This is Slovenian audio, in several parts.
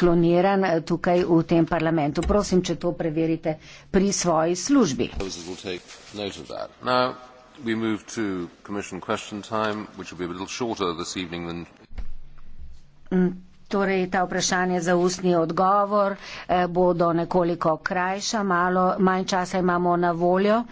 skloniran eh, tukaj v tem parlamentu. Prosim, če to preverite pri svoji službi. Mm, torej, ta vprašanje za ustni odgovor eh, bodo nekoliko krajša, malo manj časa imamo na voljo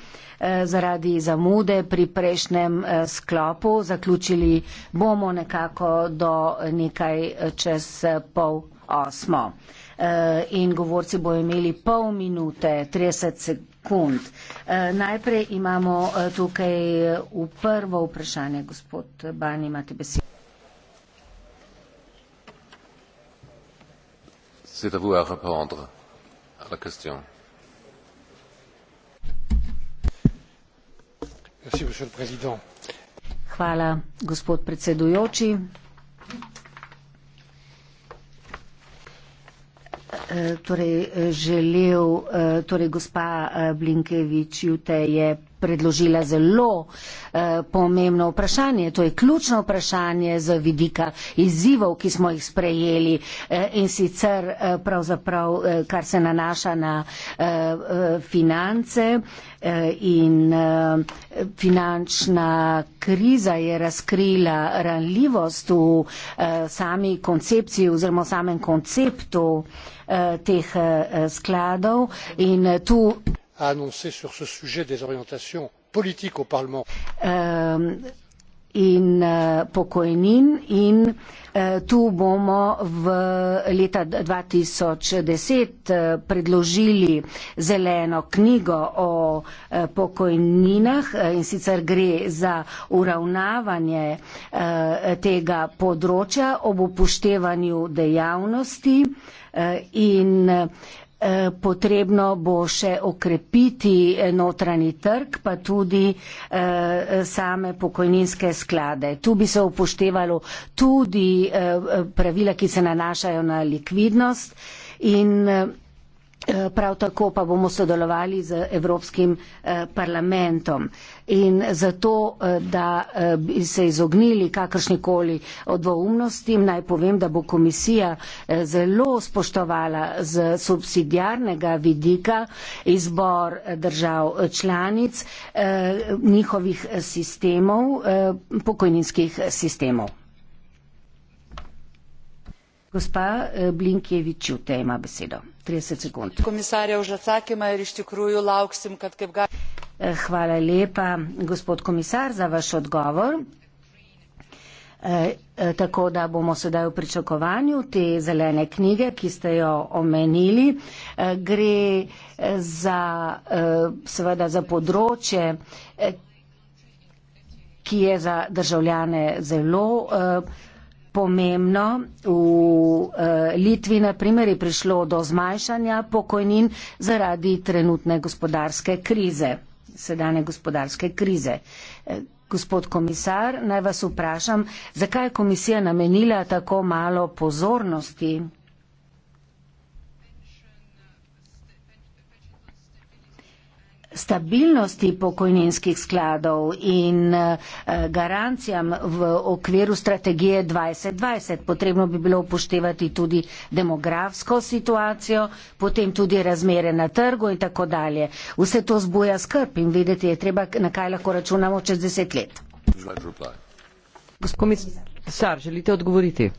eh, zaradi zamude pri prejšnjem eh, sklopu. Zaključili bomo nekako do nekaj eh, čez eh, pol osmo. Eh, in govorci bo imeli pol minute, 30 sekund. Eh, najprej imamo eh, tukaj v prvo vprašanje, gospod Ban, imate besedo. C'est à vous à répondre à la question. Merci, Monsieur le Président. Hvala, gospod predsedujoči. Eh, torej eh, želel, eh, torej gospa Blinkevič Jute je predložila zelo eh, pomembno vprašanje. To je ključno vprašanje z vidika izzivov, ki smo jih sprejeli eh, in sicer eh, pravzaprav, eh, kar se nanaša na eh, eh finance eh, in eh, finančna kriza je razkrila ranljivost v eh, sami koncepciji oziroma v samem konceptu eh, teh eh, skladov in eh, tu a annoncé sur ce sujet des orientations politiques au parlement. Ehm, in eh, pokojnin in eh, tu bomo v leta 2010 eh, predložili zeleno knjigo o pokojninah in sicer gre za uravnavanje tega področja ob upoštevanju dejavnosti in Eh, potrebno bo še okrepiti eh, notranji trg, pa tudi eh, same pokojninske sklade. Tu bi se upoštevalo tudi pravila, ki se nanašajo na likvidnost in Eh, prav tako pa bomo sodelovali z Evropskim eh, parlamentom. In zato, eh, da bi se izognili kakršnikoli odvoumnosti, naj povem, da bo komisija zelo spoštovala z subsidijarnega vidika izbor držav članic njihovih sistemov, pokojninskih sistemov. Gospa eh, Blinkevič, v tej ima besedo. 30 sekund. Komisarja Užacakima ir iš tikrųjų lauksim, kad kaip ga. Eh, hvala lepa, gospod komisar, za vaš odgovor. E, tako da bomo sedaj v pričakovanju te zelene knjige, ki ste jo omenili. E, gre za, e, seveda za področje, e, ki je za državljane zelo. E, pomembno. V uh, Litvi, na primer, je prišlo do zmanjšanja pokojnin zaradi trenutne gospodarske krize, sedane gospodarske krize. Eh, gospod komisar, naj vas vprašam, zakaj je komisija namenila tako malo pozornosti stabilnosti pokojninskih skladov in eh, garancijam v okviru strategije 2020. Potrebno bi bilo upoštevati tudi demografsko situacijo, potem tudi razmere na trgu in tako dalje. Vse to zbuja skrb in videti je treba, na kaj lahko računamo čez deset let. Gospod Misar, želite odgovoriti?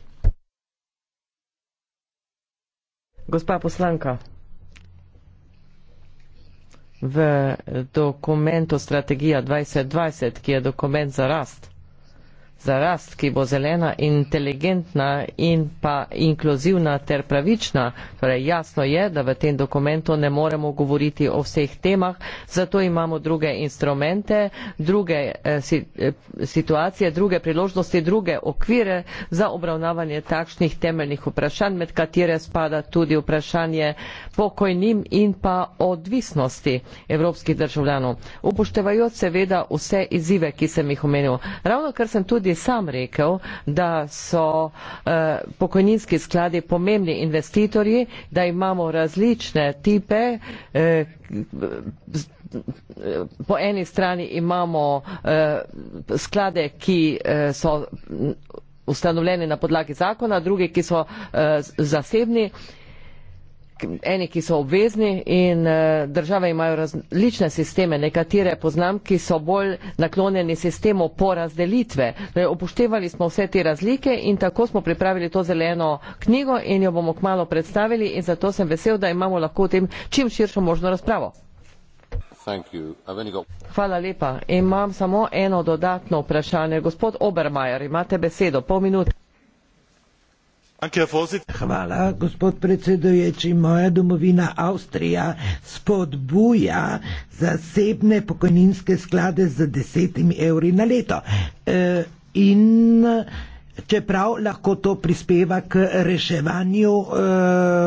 Gospa poslanka v dokumentu Strategija 2020, ki je dokument za rast za rast, ki bo zelena, inteligentna in pa inkluzivna ter pravična. Torej, jasno je, da v tem dokumentu ne moremo govoriti o vseh temah, zato imamo druge instrumente, druge eh, eh, situacije, druge priložnosti, druge okvire za obravnavanje takšnih temeljnih vprašanj, med katere spada tudi vprašanje pokojnim in pa odvisnosti evropskih državljanov. Upoštevajo seveda vse izzive, ki sem jih omenil. Ravno kar sem tudi tudi sam rekel, da so eh, pokojninski skladi pomembni investitorji, da imamo različne tipe. Eh, po eni strani imamo eh, sklade, ki eh, so ustanovljeni na podlagi zakona, druge, ki so eh, zasebni eni, ki so obvezni in eh, države imajo različne sisteme. Nekatere poznam, ki so bolj naklonjeni sistemu porazdelitve. Torej, upoštevali smo vse te razlike in tako smo pripravili to zeleno knjigo in jo bomo kmalo predstavili in zato sem vesel, da imamo lahko v tem čim širšo možno razpravo. Hvala lepa. Imam samo eno dodatno vprašanje. Gospod Obermajer, imate besedo. Pol minute. Hvala, gospod predsedujoči. Moja domovina Avstrija spodbuja zasebne pokojninske sklade z desetimi evri na leto. E, in čeprav lahko to prispeva k reševanju e,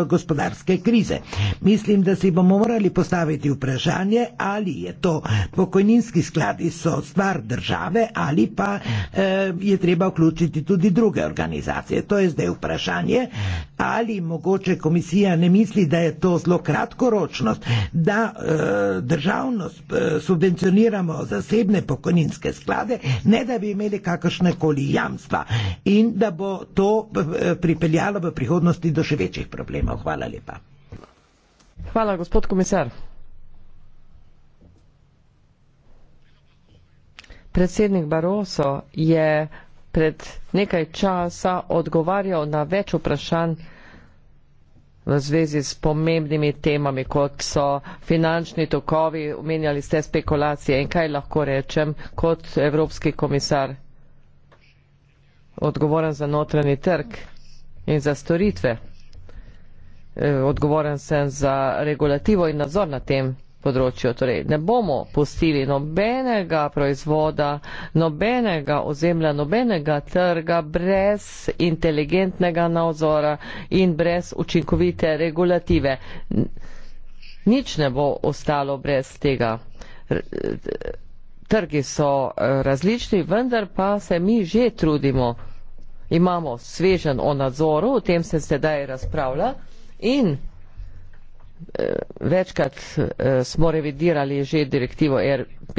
gospodarske krize. Mislim, da si bomo morali postaviti vprašanje, ali je to pokojninski skladi so stvar države ali pa e, je treba vključiti tudi druge organizacije. To je zdaj vprašanje, ali mogoče komisija ne misli, da je to zelo kratkoročnost, da e, državno subvencioniramo zasebne pokojninske sklade, ne da bi imeli kakršne koli jamstva in da bo to eh, pripeljalo v prihodnosti do še večjih problemov. Hvala lepa. Hvala, gospod komisar. Predsednik Baroso je pred nekaj časa odgovarjal na več vprašanj v zvezi s pomembnimi temami, kot so finančni tokovi, omenjali ste spekulacije in kaj lahko rečem kot evropski komisar odgovoren za notranji trg in za storitve. E, odgovoren sem za regulativo in nadzor na tem področju. Torej, ne bomo pustili nobenega proizvoda, nobenega ozemlja, nobenega trga brez inteligentnega nadzora in brez učinkovite regulative. Nič ne bo ostalo brez tega trgi so eh, različni, vendar pa se mi že trudimo. Imamo svežen o nadzoru, o tem se sedaj razpravlja in eh, večkrat eh, smo revidirali že direktivo RP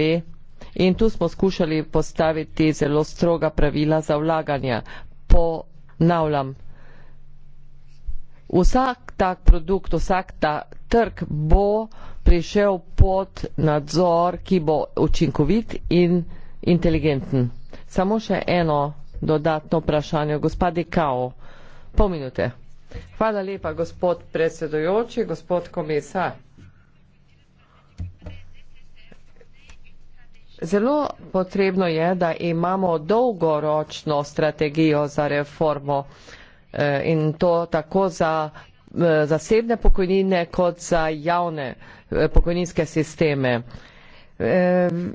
in tu smo skušali postaviti zelo stroga pravila za vlaganja. Ponavljam, vsak tak produkt, vsak ta trg bo prišel pod nadzor, ki bo učinkovit in inteligenten. Samo še eno dodatno vprašanje, gospod Kao, pol minute. Hvala lepa, gospod predsedujoči, gospod komisar. Zelo potrebno je, da imamo dolgoročno strategijo za reformo eh, in to tako za Eh, zasebne pokojnine kot za javne eh, pokojninske sisteme.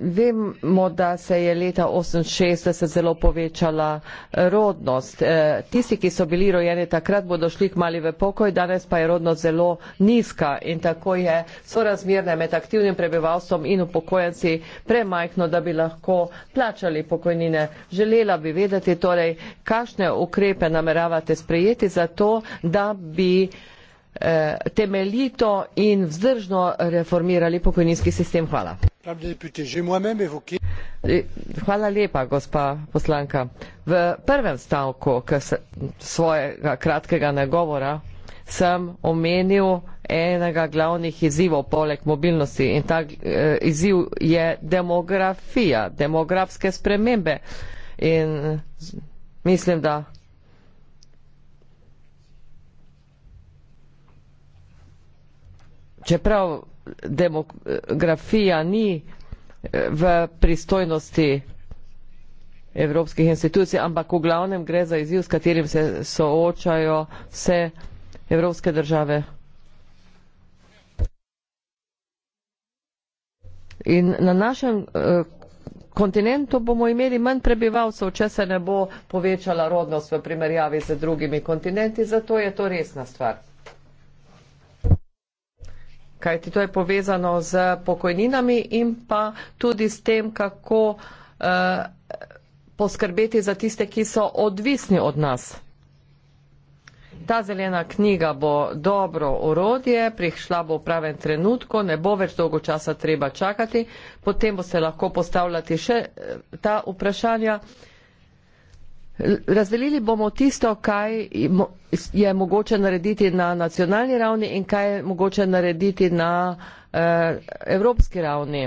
Vemo, da se je leta 1968 zelo povečala eh, rodnost. Tisti, ki so bili rojeni takrat, bodo šli mali v pokoj, danes pa je rodnost zelo nizka in tako je sorazmerna med aktivnim prebivalstvom in upokojenci premajhno, da bi lahko plačali pokojnine. Želela bi vedeti, torej, kakšne ukrepe nameravate sprejeti za to, da bi Eh, temeljito in vzdržno reformirali pokojninski sistem. Hvala. Eh, hvala lepa, gospa poslanka. V prvem stavku svojega kratkega nagovora sem omenil enega glavnih izzivov poleg mobilnosti in ta eh, izziv je demografija, demografske spremembe. In mislim, da čeprav demografija ni eh, v pristojnosti evropskih institucij, ampak v glavnem gre za izziv, s katerim se soočajo vse evropske države. In na našem eh, kontinentu bomo imeli manj prebivalcev, če se ne bo povečala rodnost v primerjavi z drugimi kontinenti, zato je to resna stvar kajti to je povezano z pokojninami in pa tudi s tem, kako eh, poskrbeti za tiste, ki so odvisni od nas. Ta zelena knjiga bo dobro orodje, prišla bo v pravem trenutku, ne bo več dolgo časa treba čakati, potem boste lahko postavljati še eh, ta vprašanja. Razdelili bomo tisto, kaj je mogoče narediti na nacionalni ravni in kaj je mogoče narediti na eh, evropski ravni.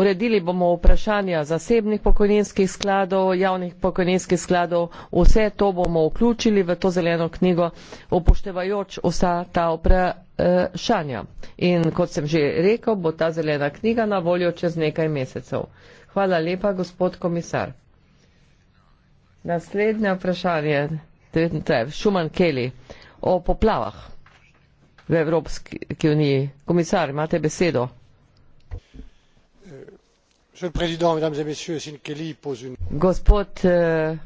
Uredili bomo vprašanja zasebnih pokojninskih skladov, javnih pokojninskih skladov, vse to bomo vključili v to zeleno knjigo, upoštevajoč vsa ta vprašanja. In kot sem že rekel, bo ta zelena knjiga na voljo čez nekaj mesecev. Hvala lepa, gospod komisar. Naslednje vprašanje, Šuman Keli, o poplavah v Evropski uniji. Komisar, imate besedo. Gospod eh,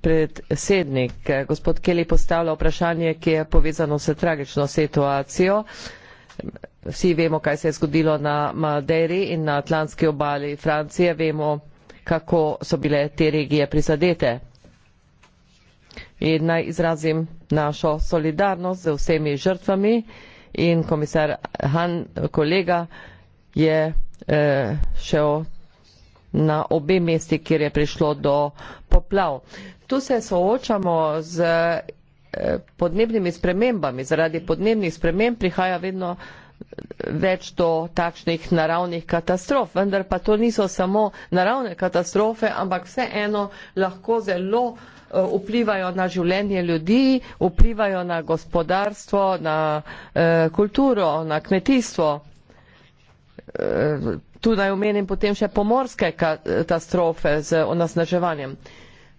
predsednik, eh, gospod Keli postavlja vprašanje, ki je povezano s tragično situacijo. Vsi vemo, kaj se je zgodilo na Madeiri in na Atlantski obali Francije. Vemo, kako so bile te regije prizadete. In naj izrazim našo solidarnost z vsemi žrtvami in komisar Han, kolega, je eh, šel na obe mesti, kjer je prišlo do poplav. Tu se soočamo z eh, podnebnimi spremembami. Zaradi podnebnih sprememb prihaja vedno eh, več do takšnih naravnih katastrof, vendar pa to niso samo naravne katastrofe, ampak vseeno lahko zelo eh, vplivajo na življenje ljudi, vplivajo na gospodarstvo, na eh, kulturo, na kmetijstvo. Eh, tu naj omenim potem še pomorske katastrofe z onasnaževanjem.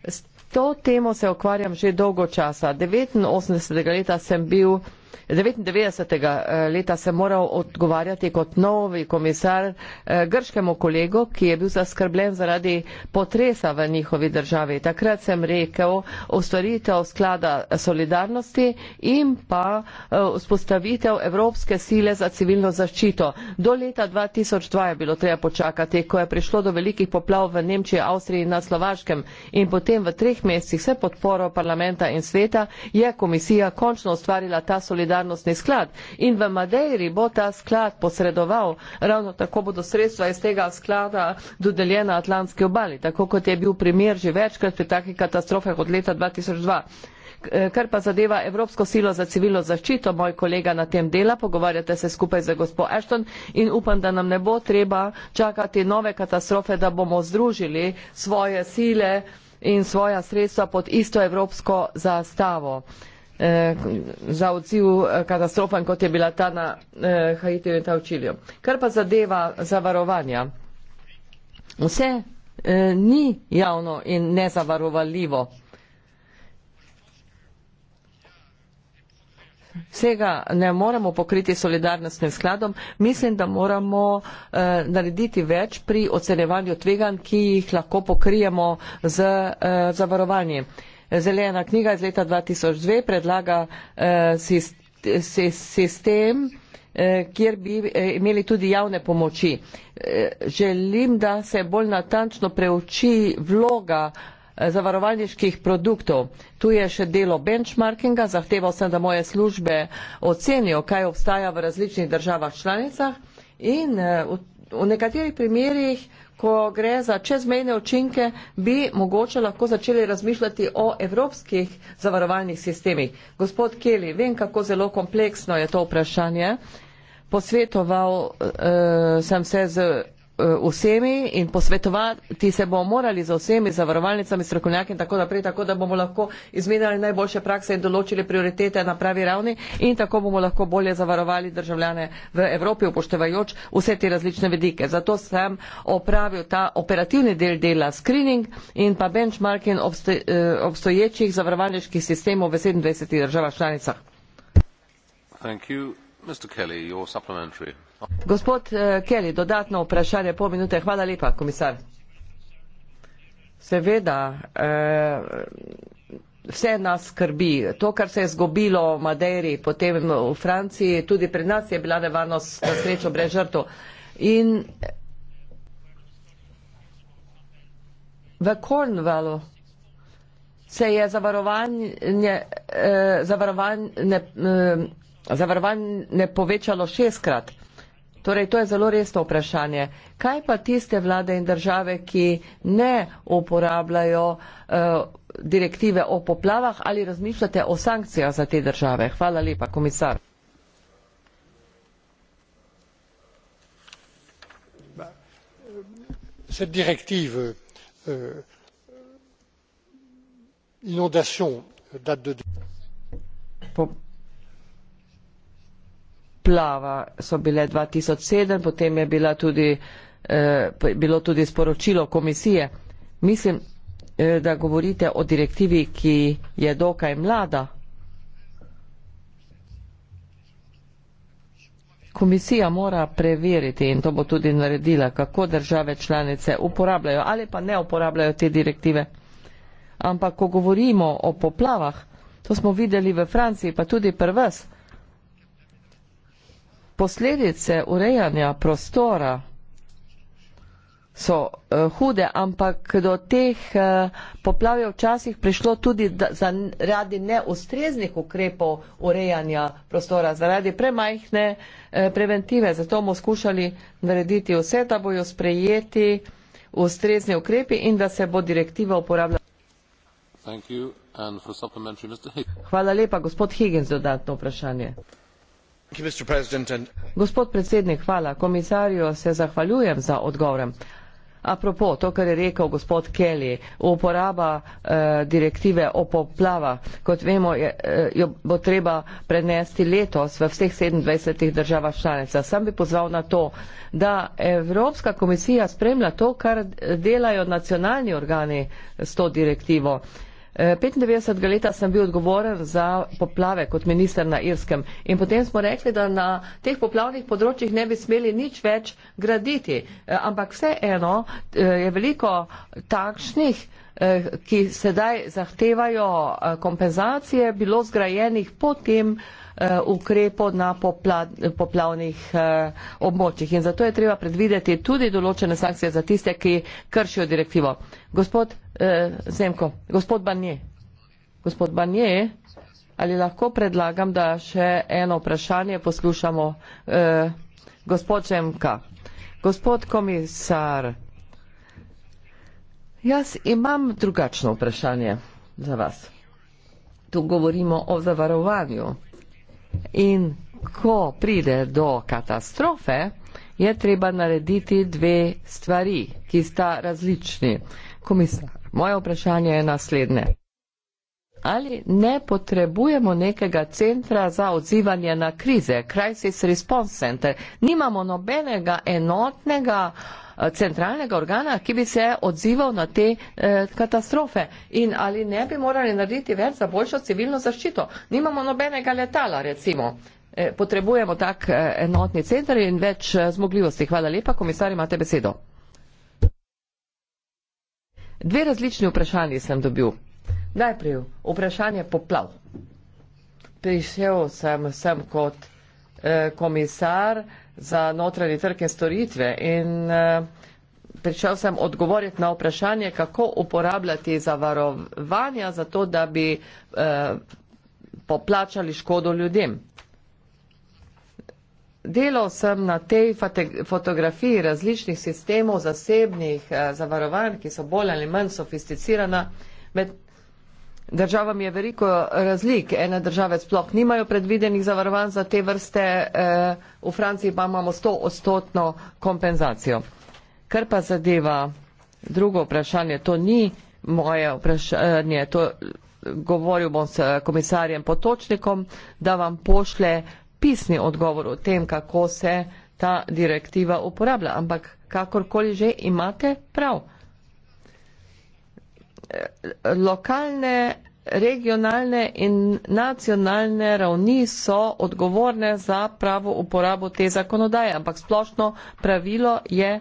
S to temo se ukvarjam že dolgo časa. 89. leta sem bil 1999. Eh, leta se moral odgovarjati kot novi komisar eh, grškemu kolegu, ki je bil zaskrbljen zaradi potresa v njihovi državi. Takrat sem rekel ustvaritev sklada solidarnosti in pa eh, vzpostavitev Evropske sile za civilno zaščito. Do leta 2002 je bilo treba počakati, ko je prišlo do velikih poplav v Nemčiji, Avstriji in na Slovaškem in potem v treh mesecih vse podporo parlamenta in sveta je komisija končno ustvarila ta solidarnost solidarnostni sklad. In v Madeiri bo ta sklad posredoval, ravno tako bodo sredstva iz tega sklada dodeljena Atlantski obali, tako kot je bil primer že večkrat pri takih katastrofah od leta 2002. Kar pa zadeva Evropsko silo za civilno zaščito, moj kolega na tem dela, pogovarjate se skupaj za gospod Ashton in upam, da nam ne bo treba čakati nove katastrofe, da bomo združili svoje sile in svoja sredstva pod isto evropsko zastavo. Eh, za odziv eh, katastrofan, kot je bila ta na eh, Haitiju in ta v Čilju. Kar pa zadeva zavarovanja. Vse ni javno in nezavarovaljivo. Vsega ne moremo pokriti solidarnostnim skladom. Mislim, da moramo eh, narediti več pri ocenevanju tvegan, ki jih lahko pokrijemo z eh, zavarovanjem. Eh, Zelena knjiga iz leta 2002 predlaga eh, sistem, eh, kjer bi eh, imeli tudi javne pomoči. Želim, da se bolj natančno preuči vloga zavarovalniških produktov. Tu je še delo benchmarkinga, zahteval sem, da moje službe ocenijo, kaj obstaja v različnih državah članicah in v, v nekaterih primerjih ko gre za čezmejne učinke, bi mogoče lahko začeli razmišljati o evropskih zavarovalnih sistemih. Gospod Keli, vem, kako zelo kompleksno je to vprašanje. Posvetoval eh, sem se z Eh, vsemi in posvetovati se bomo morali z vsemi zavarovalnicami, strokovnjaki in tako naprej, tako da bomo lahko izmenjali najboljše prakse in določili prioritete na pravi ravni in tako bomo lahko bolje zavarovali državljane v Evropi, upoštevajoč vse te različne vedike. Zato sem opravil ta operativni del dela screening in pa benchmarking eh, obstoječih zavarovalniških sistemov v 27 državah članicah. Thank you. Mr. Kelly, your supplementary. Gospod eh, Kelly, dodatno vprašanje, pol minute. Hvala lepa, komisar. Seveda, eh, vse nas skrbi. To, kar se je zgobilo v Madeiri, potem v Franciji, tudi pri nas je bila nevarnost na srečo brez žrtev. In v Cornwallu se je zavarovanje, eh, zavarovanje, zavarovanje povečalo šestkrat. Torej, to je zelo resno vprašanje. Kaj pa tiste vlade in države, ki ne uporabljajo uh, direktive o poplavah ali razmišljate o sankcijah za te države? Hvala lepa, komisar. Cette directive euh, euh, inondation date de. Pour poplava so bile 2007, potem je bila tudi, eh, bilo tudi sporočilo komisije. Mislim, eh, da govorite o direktivi, ki je dokaj mlada. Komisija mora preveriti in to bo tudi naredila, kako države članice uporabljajo ali pa ne uporabljajo te direktive. Ampak, ko govorimo o poplavah, to smo videli v Franciji, pa tudi prvest, posledice urejanja prostora so uh, hude, ampak do teh uh, poplav je včasih prišlo tudi da, zaradi neustreznih ukrepov urejanja prostora, zaradi premajhne uh, preventive. Zato bomo skušali narediti vse, da bojo sprejeti ustrezni ukrepi in da se bo direktiva uporabljala. Hvala lepa, gospod Higgins, dodatno vprašanje. Gospod predsednik, hvala. Komisarju se zahvaljujem za odgovorem. Apropo, to, kar je rekel gospod Kelly, uporaba eh, direktive o poplava, kot vemo, je, eh, jo bo treba prenesti letos v vseh 27 državah članica. Sam bi pozval na to, da Evropska komisija spremlja to, kar delajo nacionalni organi s to direktivo. Eh, 95. leta sem bil odgovoren za poplave kot minister na Irskem in potem smo rekli, da na teh poplavnih področjih ne bi smeli nič več graditi. Eh, ampak vseeno eh, je veliko takšnih, eh, ki sedaj zahtevajo kompenzacije, bilo zgrajenih potem ukrepo na poplavnih območjih. In zato je treba predvideti tudi določene sankcije za tiste, ki kršijo direktivo. Gospod eh, Zemko, gospod Banje, gospod Banje, ali lahko predlagam, da še eno vprašanje poslušamo eh, gospod Zemka. Gospod komisar, jaz imam drugačno vprašanje za vas. Tu govorimo o zavarovanju in ko pride do katastrofe, je treba narediti dve stvari, ki sta različni. Komisar, Moje vprašanje je naslednje. Ali ne potrebujemo nekega centra za odzivanje na krize, Crisis Response Center? Nimamo nobenega enotnega eh, centralnega organa, ki bi se odzival na te eh, katastrofe. In ali ne bi morali narediti več za boljšo civilno zaščito? Nimamo nobenega letala, recimo. Eh, potrebujemo tak eh, enotni center in več eh, zmogljivosti. Hvala lepa, komisar, imate besedo. Dve različni vprašanji sem dobil. Najprej vprašanje poplav. Prišel sem sem kot eh, komisar za notranje trke storitve in eh, prišel sem odgovoriti na vprašanje, kako uporabljati zavarovanja za to, da bi eh, poplačali škodo ljudem delal sem na tej fotografiji različnih sistemov zasebnih eh, zavarovanj, ki so bolj ali manj sofisticirana. Med državami je veliko razlik. Ene države sploh nimajo predvidenih zavarovanj za te vrste, eh, v Franciji pa imamo 100-odstotno kompenzacijo. Kar pa zadeva drugo vprašanje, to ni moje vprašanje, to govoril bom s komisarjem Potočnikom, da vam pošle pisni odgovor o tem, kako se ta direktiva uporablja, ampak kakorkoli že imate prav. Lokalne, regionalne in nacionalne ravni so odgovorne za pravo uporabo te zakonodaje, ampak splošno pravilo je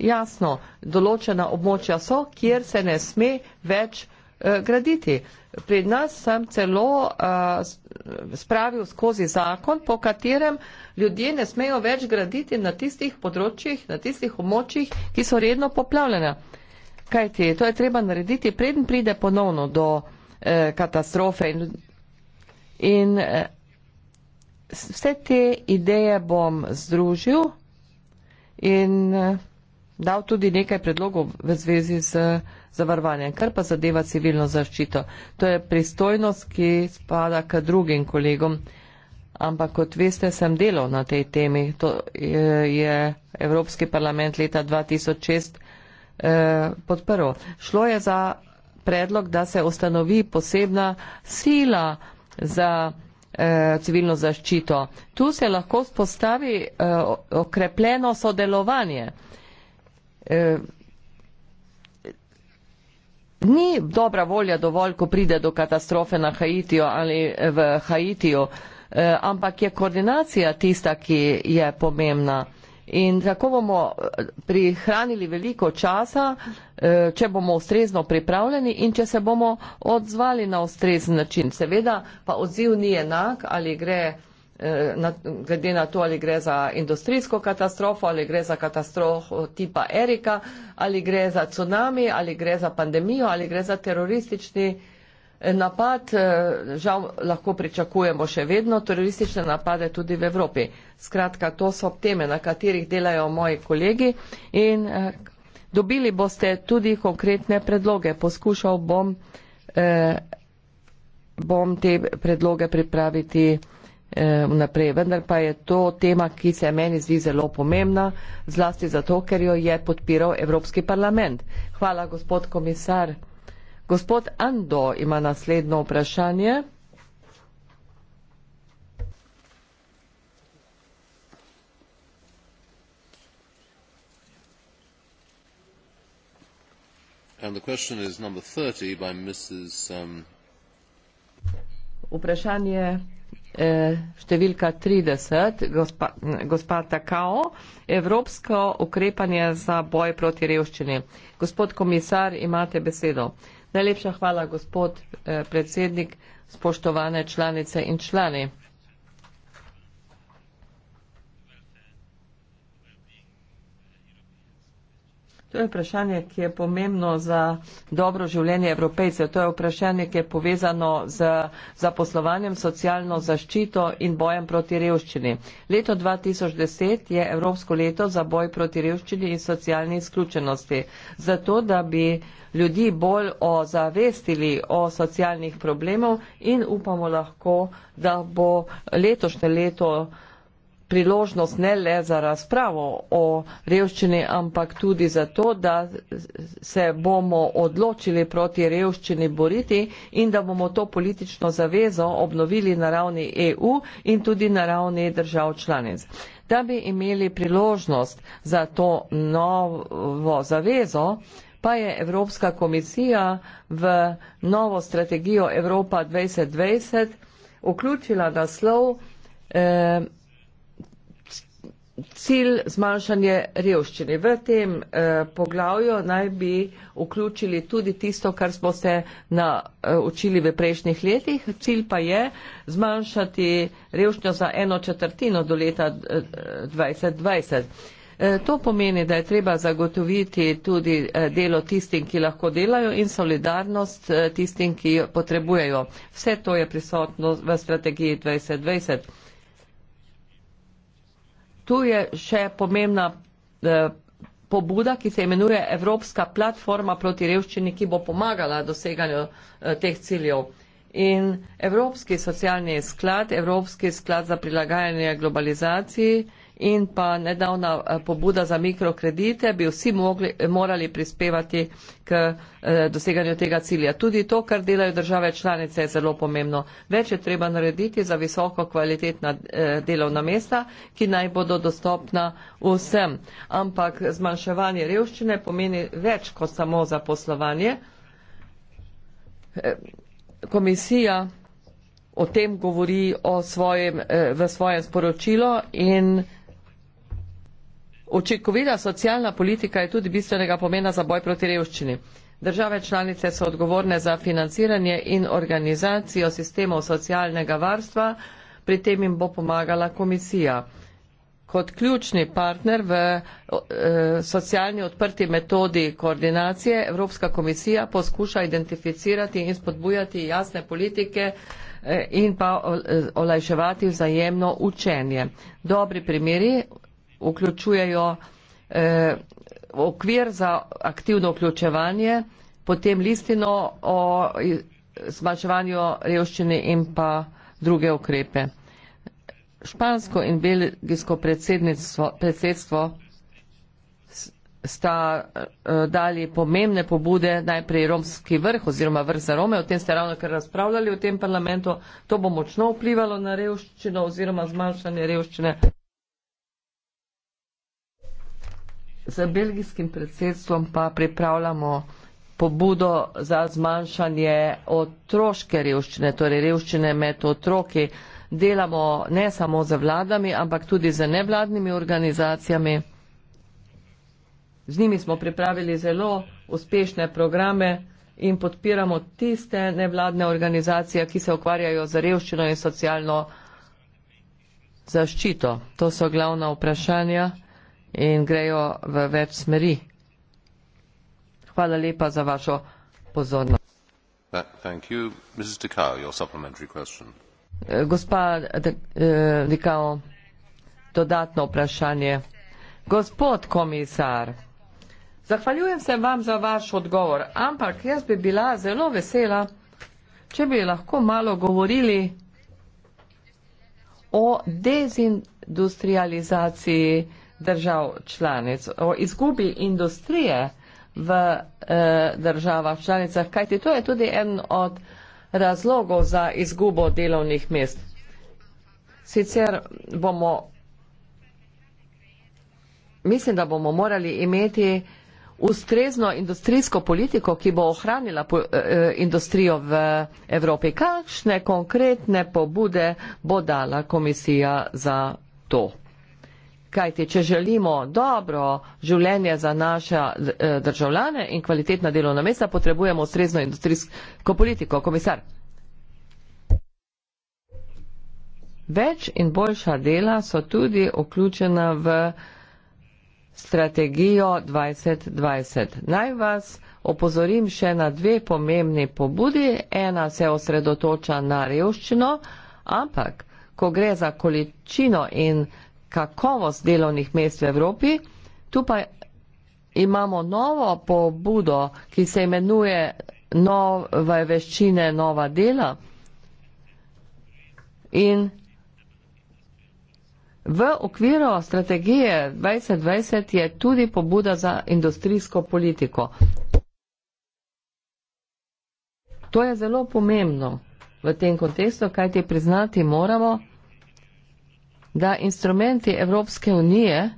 jasno. Določena območja so, kjer se ne sme več Eh, graditi. Pri nas sem celo eh, spravil skozi zakon, po katerem ljudje ne smejo več graditi na tistih področjih, na tistih območjih, ki so redno poplavljena. Kaj ti, to je treba narediti, preden pride ponovno do eh, katastrofe. In, in vse te ideje bom združil in dal tudi nekaj predlogov v zvezi z zavarovanja. Kar pa zadeva civilno zaščito, to je pristojnost, ki spada k drugim kolegom. Ampak kot veste, sem delal na tej temi. To je Evropski parlament leta 2006 eh, podprl. Šlo je za predlog, da se ustanovi posebna sila za eh, civilno zaščito. Tu se lahko spostavi eh, okrepljeno sodelovanje. Ni dobra volja dovolj, ko pride do katastrofe na Haitiju ali v Haitiju, eh, ampak je koordinacija tista, ki je pomembna. In tako bomo eh, prihranili veliko časa, eh, če bomo ustrezno pripravljeni in če se bomo odzvali na ustrezen način. Seveda pa odziv ni enak ali gre. Eh, na, glede na to, ali gre za industrijsko katastrofo, ali gre za katastrofo tipa Erika, ali gre za tsunami, ali gre za pandemijo, ali gre za teroristični eh, napad. Eh, žal lahko pričakujemo še vedno teroristične napade tudi v Evropi. Skratka, to so teme, na katerih delajo moji kolegi in dobili boste tudi konkretne predloge. Poskušal bom, bom te predloge pripraviti. Eh, vnaprej, vendar pa je to tema, ki se meni zdi zelo pomembna, zlasti zato, ker jo je podpiral Evropski parlament. Hvala, gospod komisar. Gospod Ando ima naslednjo vprašanje. And the question is number 30 by Mrs. Um... Vprašanje Eh, številka 30, gospa, gospa Takao, Evropsko ukrepanje za boj proti revščini. Gospod komisar, imate besedo. Najlepša hvala, gospod eh, predsednik, spoštovane članice in člani. To je vprašanje, ki je pomembno za dobro življenje evropejcev. To je vprašanje, ki je povezano z zaposlovanjem, socialno zaščito in bojem proti revščini. Leto 2010 je Evropsko leto za boj proti revščini in socialni izključenosti. Zato, da bi ljudi bolj ozavestili o socialnih problemov in upamo lahko, da bo letošnje leto priložnost ne le za razpravo o revščini, ampak tudi za to, da se bomo odločili proti revščini boriti in da bomo to politično zavezo obnovili na ravni EU in tudi na ravni držav članic. Da bi imeli priložnost za to novo zavezo, pa je Evropska komisija v novo strategijo Evropa 2020 vključila naslov eh, cilj zmanjšanje revščine. V tem eh, poglavju naj bi vključili tudi tisto, kar smo se naučili eh, v prejšnjih letih. Cilj pa je zmanjšati revščino za eno četrtino do leta 2020. Eh, eh, to pomeni, da je treba zagotoviti tudi delo tistim, ki lahko delajo in solidarnost tistim, ki potrebujejo. Vse to je prisotno v strategiji 2020 tu je še pomembna eh, pobuda, ki se imenuje Evropska platforma proti revščini, ki bo pomagala doseganju eh, teh ciljev. In Evropski socialni sklad, Evropski sklad za prilagajanje globalizaciji, in pa nedavna eh, pobuda za mikrokredite bi vsi mogli, morali prispevati k eh, doseganju tega cilja. Tudi to, kar delajo države članice, je zelo pomembno. Več je treba narediti za visoko kvalitetna eh, delovna mesta, ki naj bodo dostopna vsem. Ampak zmanjševanje revščine pomeni več kot samo zaposlovanje. Komisija o tem govori o svojem, v svojem sporočilu in Učinkovita socialna politika je tudi bistvenega pomena za boj proti revščini. Države članice so odgovorne za financiranje in organizacijo sistemov socialnega varstva, pri tem jim bo pomagala komisija. Kot ključni partner v e, socialni odprti metodi koordinacije Evropska komisija poskuša identificirati in spodbujati jasne politike e, in pa e, olajševati vzajemno učenje. Dobri primeri vključujejo eh, okvir za aktivno vključevanje, potem listino o zmanjševanju revščine in pa druge ukrepe. Špansko in belgijsko predsedstvo sta eh, dali pomembne pobude najprej romski vrh oziroma vrh za Rome, o tem ste ravno kar razpravljali v tem parlamentu, to bo močno vplivalo na revščino oziroma zmanjšanje revščine. Z belgijskim predsedstvom pa pripravljamo pobudo za zmanjšanje otroške revščine, torej revščine med otroki. Delamo ne samo z vladami, ampak tudi z nevladnimi organizacijami. Z njimi smo pripravili zelo uspešne programe in podpiramo tiste nevladne organizacije, ki se ukvarjajo z revščino in socialno zaščito. To so glavna vprašanja in grejo v več smeri. Hvala lepa za vašo pozornost. Thank you. Mrs. Dikao, your supplementary question. Eh, gospa Dikao, eh, dodatno vprašanje. Gospod komisar, zahvaljujem se vam za vaš odgovor, ampak jaz bi bila zelo vesela, če bi lahko malo govorili o dezindustrializaciji držav članic, o izgubi industrije v eh, državah članicah, kajti to je tudi en od razlogov za izgubo delovnih mest. Sicer bomo, mislim, da bomo morali imeti ustrezno industrijsko politiko, ki bo ohranila eh, eh, industrijo v Evropi. Kakšne konkretne pobude bo dala komisija za to? Kajti, če želimo dobro življenje za naše eh, državljane in kvalitetna delovna mesta, potrebujemo ustrezno industrijsko politiko. Komisar. Več in boljša dela so tudi vključena v strategijo 2020. Naj vas opozorim še na dve pomembni pobudi. Ena se osredotoča na revščino, ampak ko gre za količino in kakovost delovnih mest v Evropi. Tu pa imamo novo pobudo, ki se imenuje nove veščine, nova dela. In v okviru strategije 2020 je tudi pobuda za industrijsko politiko. To je zelo pomembno v tem kontekstu, kajti priznati moramo, da instrumenti Evropske unije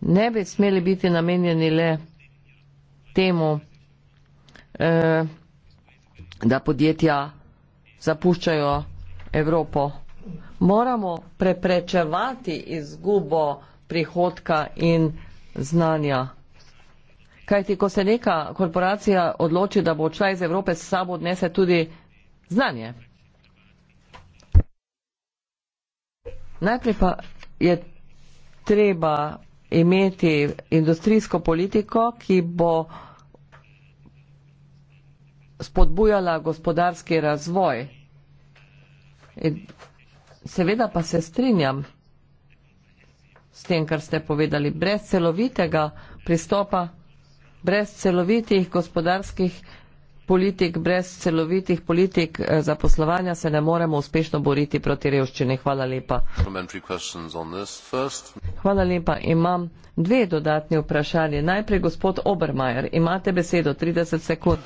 ne bi smeli biti namenjeni le temu, eh, da podjetja zapuščajo Evropo. Moramo preprečevati izgubo prihodka in znanja. Kajti, ko se neka korporacija odloči, da bo odšla iz Evrope, s sabo odnese tudi znanje. Najprej pa je treba imeti industrijsko politiko, ki bo spodbujala gospodarski razvoj. In seveda pa se strinjam s tem, kar ste povedali. Brez celovitega pristopa, brez celovitih gospodarskih politik, brez celovitih politik eh, zaposlovanja se ne moremo uspešno boriti proti revščini. Hvala lepa. Hvala lepa. Imam Dve dodatni vprašanje. Najprej gospod Obermajer, imate besedo 30 sekund.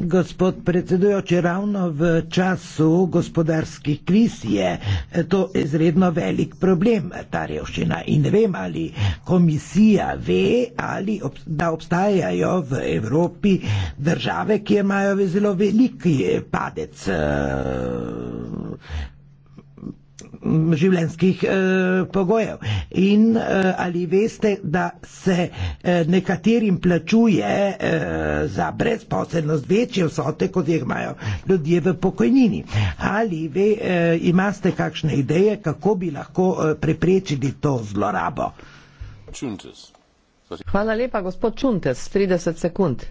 Gospod predsedujoči, ravno v času gospodarskih kriz je eh, to izredno velik problem, ta revščina. In ne vem, ali komisija ve, ali ob, da obstajajo v Evropi države, ki imajo zelo veliki padec. Uh, življenjskih eh, pogojev. In eh, ali veste, da se eh, nekaterim plačuje eh, za brezposelnost večje vsote, kot jih imajo ljudje v pokojnini? Ali ve, eh, imate kakšne ideje, kako bi lahko eh, preprečili to zlorabo? Hvala lepa, gospod Čuntes, 30 sekund.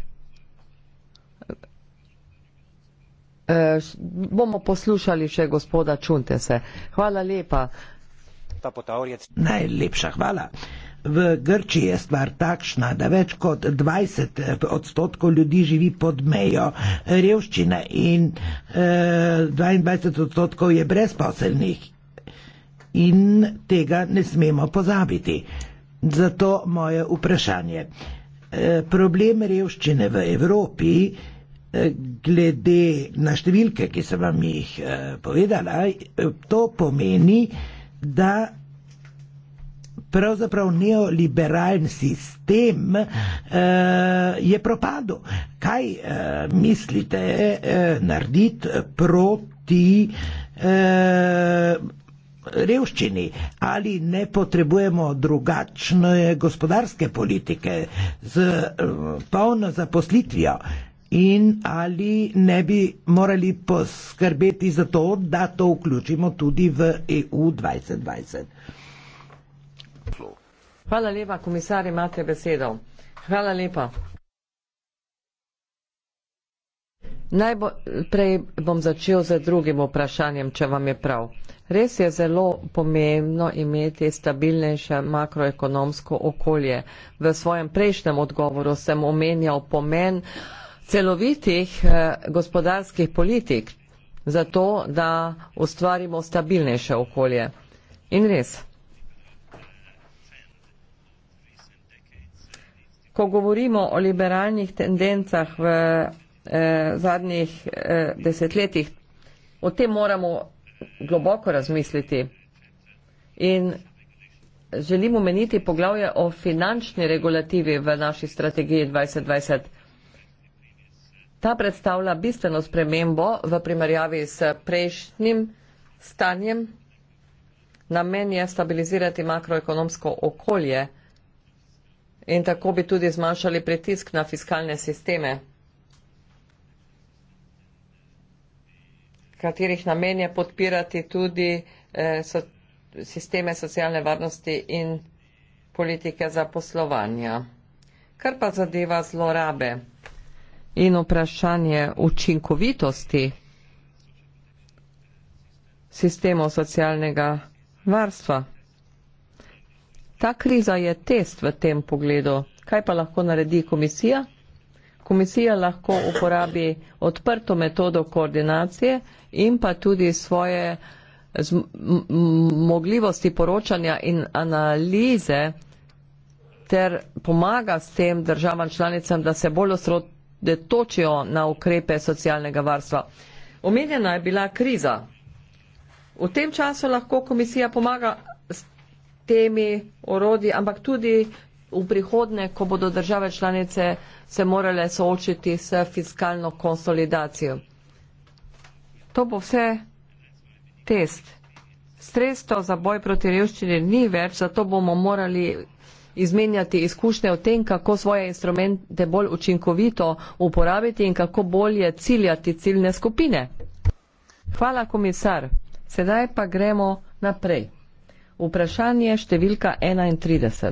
Uh, bomo poslušali še gospoda Čuntese. Hvala lepa. Najlepša hvala. V Grčiji je stvar takšna, da več kot 20 eh, odstotkov ljudi živi pod mejo eh, revščine in uh, 22 odstotkov je brezposelnih. In tega ne smemo pozabiti. Zato moje vprašanje. Uh, problem revščine v Evropi Eh, glede na številke, ki sem vam jih eh, povedala, eh, to pomeni, da pravzaprav neoliberalen sistem je propadel. Kaj mislite narediti proti revščini? Ali ne potrebujemo drugačne gospodarske politike z polno zaposlitvijo? in ali ne bi morali poskrbeti za to, da to vključimo tudi v EU 2020. Hvala lepa, komisar, imate besedo. Hvala lepa. Najprej bom začel z drugim vprašanjem, če vam je prav. Res je zelo pomembno imeti stabilnejše makroekonomsko okolje. V svojem prejšnjem odgovoru sem omenjal pomen uh, celovitih eh, gospodarskih politik za to, da ustvarimo stabilnejše okolje. In res. Ko govorimo o liberalnih tendencah v eh, zadnjih eh, desetletjih, o tem moramo globoko razmisliti. In želimo meniti poglavje o finančni regulativi v naši strategiji 2020. Ta predstavlja bistveno spremembo v primerjavi s prejšnjim stanjem. Namen je stabilizirati makroekonomsko okolje in tako bi tudi zmanjšali pritisk na fiskalne sisteme, katerih namen je podpirati tudi eh, so, sisteme socialne varnosti in politike zaposlovanja. Kar pa zadeva zlorabe in vprašanje učinkovitosti sistemov socialnega varstva. Ta kriza je test v tem pogledu. Kaj pa lahko naredi komisija? Komisija lahko uporabi odprto metodo koordinacije in pa tudi svoje zmogljivosti poročanja in analize ter pomaga s tem državam članicam, da se bolj osredotočajo da točijo na ukrepe socialnega varstva. Omenjena je bila kriza. V tem času lahko komisija pomaga s temi orodji, ampak tudi v prihodne, ko bodo države članice se morale soočiti s fiskalno konsolidacijo. To bo vse test. Sredstvo za boj proti revščini ni več, zato bomo morali izmenjati izkušnje o tem, kako svoje instrumente bolj učinkovito uporabiti in kako bolje ciljati ciljne skupine. Hvala, komisar. Sedaj pa gremo naprej. Vprašanje številka 31.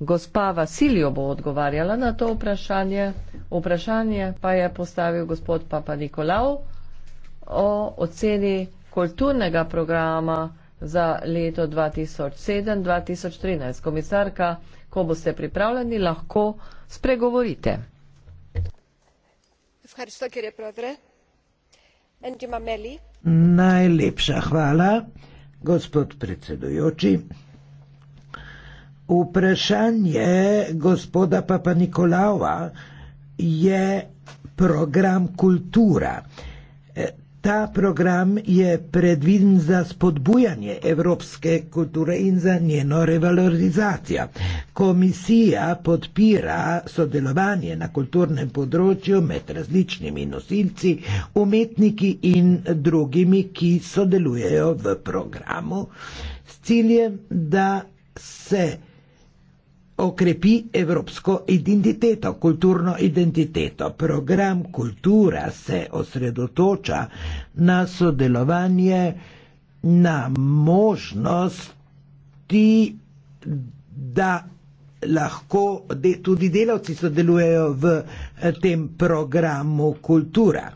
Gospa Vasilijo bo odgovarjala na to vprašanje. Vprašanje pa je postavil gospod Papa Nikolau o oceni kulturnega programa za leto 2007-2013. Komisarka, ko boste pripravljeni, lahko spregovorite. Najlepša hvala, gospod predsedujoči. Vprašanje gospoda Papa Nikolaova je program kultura. Ta program je predviden za spodbujanje evropske kulture in za njeno revalorizacijo. Komisija podpira sodelovanje na kulturnem področju med različnimi nosilci, umetniki in drugimi, ki sodelujejo v programu s ciljem, da se okrepi evropsko identiteto, kulturno identiteto. Program Kultura se osredotoča na sodelovanje, na možnosti, da lahko de, tudi delavci sodelujejo v eh, tem programu Kultura.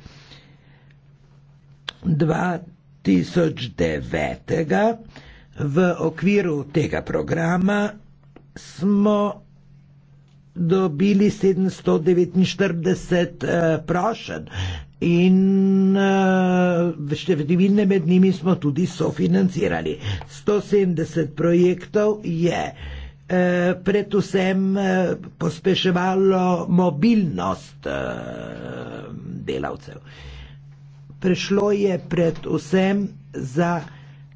2009. v okviru tega programa smo dobili 749 uh, prošen in uh, številne med njimi smo tudi sofinancirali. 170 projektov je uh, predvsem uh, pospeševalo mobilnost uh, delavcev. Prešlo je predvsem za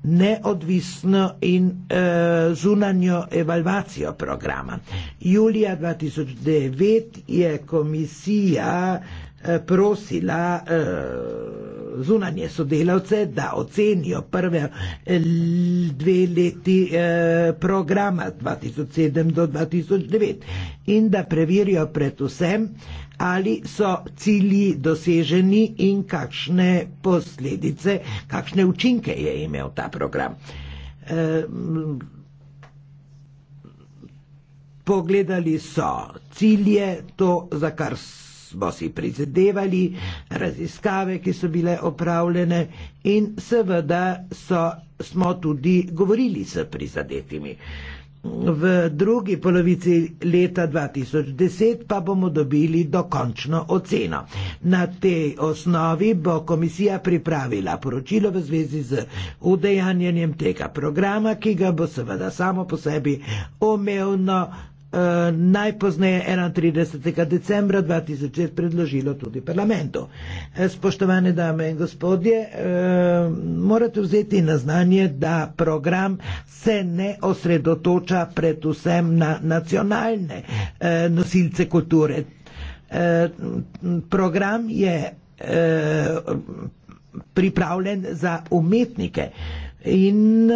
neodvisno in uh, zunanjo evalvacijo programa. Julija 2009 je komisija uh, prosila uh, zunanje sodelavce, da ocenijo prve l, dve leti uh, programa 2007 do 2009 in da preverijo predvsem, uh, ali so cilji doseženi in kakšne posledice, kakšne učinke je imel ta program. Ehm, pogledali so cilje, to, za kar smo si prizadevali, raziskave, ki so bile opravljene in seveda so, smo tudi govorili s prizadetimi. Uh, v drugi polovici leta 2010 pa bomo dobili dokončno oceno. Na tej osnovi bo komisija pripravila poročilo v zvezi z udejanjenjem tega programa, ki ga bo seveda samo po sebi omejeno Eh, najpozneje 31. decembra 2006 predložilo tudi parlamentu. Eh, spoštovane dame in gospodje, eh, morate vzeti na znanje, da program se ne osredotoča predvsem na nacionalne nosilce kulture. Program je pripravljen za umetnike in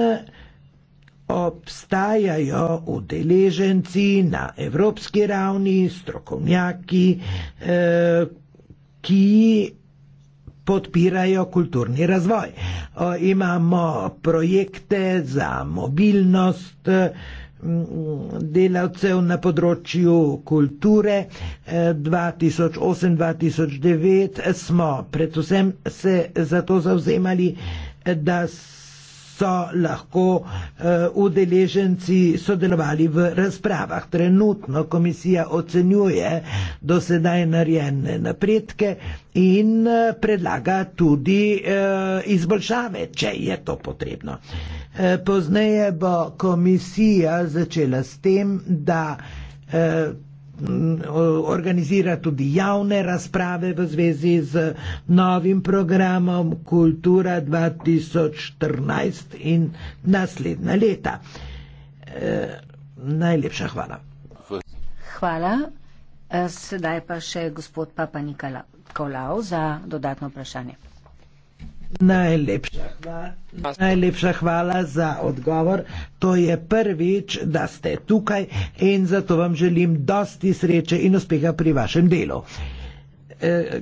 obstajajo udeleženci na evropski ravni, strokovnjaki, eh, ki podpirajo kulturni razvoj. Imamo projekte za mobilnost delavcev na področju kulture. 2008-2009 eh, smo predvsem se zato zauzemali, da se so lahko uh, udeleženci sodelovali v razpravah. Trenutno komisija ocenjuje dosedaj narejene napredke in uh, predlaga tudi uh, izboljšave, če je to potrebno. Uh, pozneje bo komisija začela s tem, da uh, organizira tudi javne razprave v zvezi z novim programom Kultura 2014 in naslednja leta. E, najlepša hvala. Hvala. E, sedaj pa še gospod Papa Nikola Kolau za dodatno vprašanje. Najlepša hvala, najlepša hvala za odgovor. To je prvič, da ste tukaj in zato vam želim dosti sreče in uspeha pri vašem delu. Eh,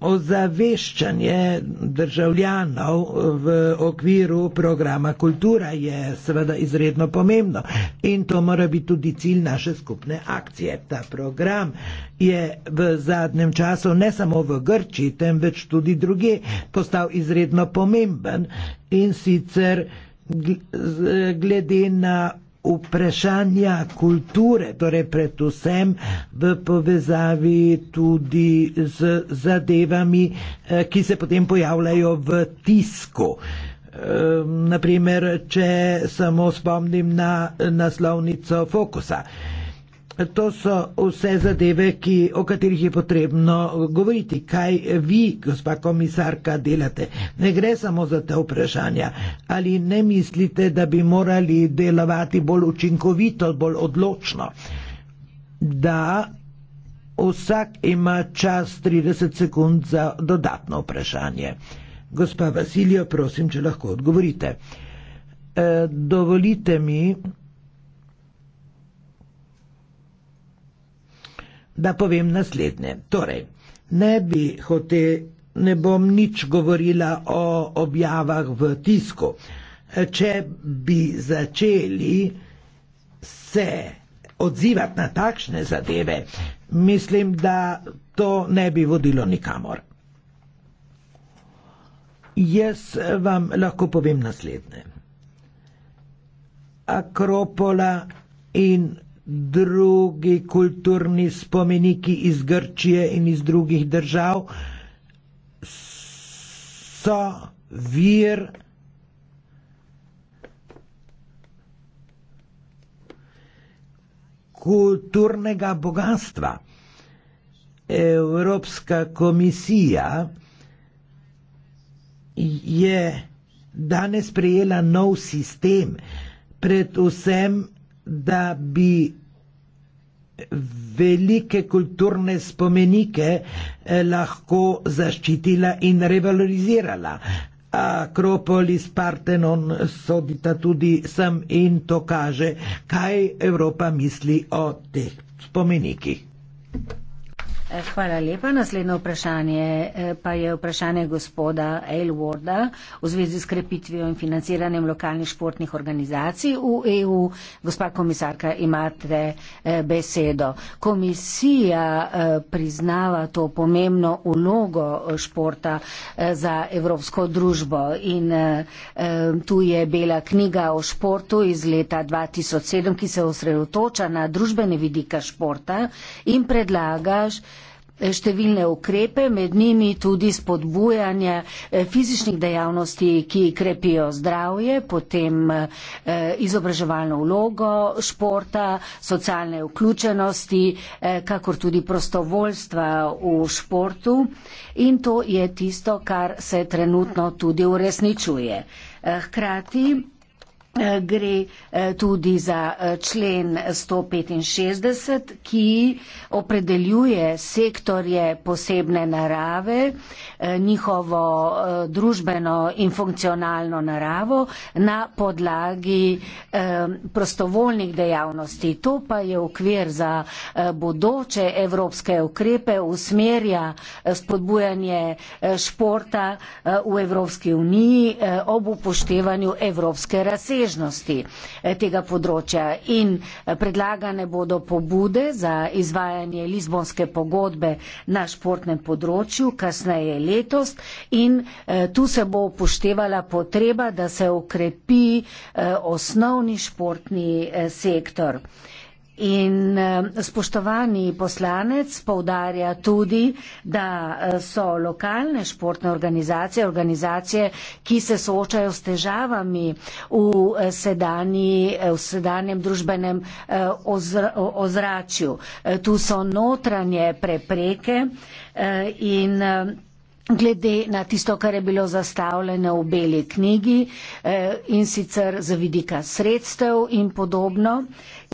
ozaveščanje državljanov v okviru programa Kultura je seveda izredno pomembno in to mora biti tudi cilj naše skupne akcije. Ta program je v zadnjem času ne samo v Grči, temveč tudi druge postal izredno pomemben in sicer glede na vprašanja kulture, torej predvsem v povezavi tudi z zadevami, eh, ki se potem pojavljajo v tisku. Ehm, Naprimer, če samo spomnim na naslovnico Fokusa. To so vse zadeve, ki, o katerih je potrebno govoriti. Kaj vi, gospa komisarka, delate? Ne gre samo za te vprašanja. Ali ne mislite, da bi morali delovati bolj učinkovito, bolj odločno? Da vsak ima čas 30 sekund za dodatno vprašanje. Gospa Vasilijo, prosim, če lahko odgovorite. E, dovolite mi, da povem naslednje. Torej, ne bi hotel, ne bom nič govorila o objavah v tisku. Če bi začeli se odzivati na takšne zadeve, mislim, da to ne bi vodilo nikamor. Jaz vam lahko povem naslednje. Akropola in drugi kulturni spomeniki iz Grčije in iz drugih držav so vir kulturnega bogatstva. Evropska komisija je danes prijela nov sistem, predvsem da bi velike kulturne spomenike eh, lahko zaščitila in revalorizirala. Akropolis Partenon sodita tudi sem in to kaže, kaj Evropa misli o teh spomenikih. Hvala lepa. Naslednje vprašanje eh, pa je vprašanje gospoda Aylwarda v zvezi s krepitvijo in financiranjem lokalnih športnih organizacij v EU. Gospa komisarka, imate eh, besedo. Komisija eh, priznava to pomembno ulogo športa za evropsko družbo in tu je bela knjiga o športu iz leta 2007, ki se osredotoča na družbene vidika športa in predlagaš, številne ukrepe, med njimi tudi spodbujanje eh, fizičnih dejavnosti, ki krepijo zdravje, potem eh, izobraževalno vlogo športa, socialne vključenosti, eh, kakor tudi prostovoljstva v športu. In to je tisto, kar se trenutno tudi uresničuje. Hkrati Eh, gre eh, tudi za eh, člen 165, ki opredeljuje sektorje posebne narave, njihovo družbeno in funkcionalno naravo na podlagi prostovoljnih dejavnosti. To pa je okvir za bodoče evropske ukrepe, usmerja spodbujanje športa v Evropski uniji ob upoštevanju evropske razsežnosti obsežnosti eh, tega področja in eh, predlagane bodo pobude za izvajanje Lizbonske pogodbe na športnem področju, kasneje letos in eh, tu se bo upoštevala potreba, da se okrepi osnovni športni sektor. In eh, spoštovani poslanec povdarja tudi, da eh, so lokalne športne organizacije, organizacije, ki se soočajo s težavami v, eh, sedani, v sedanjem družbenem ozračju. Tu so notranje prepreke in glede na tisto, kar je bilo zastavljeno v beli knjigi in sicer z vidika sredstev in podobno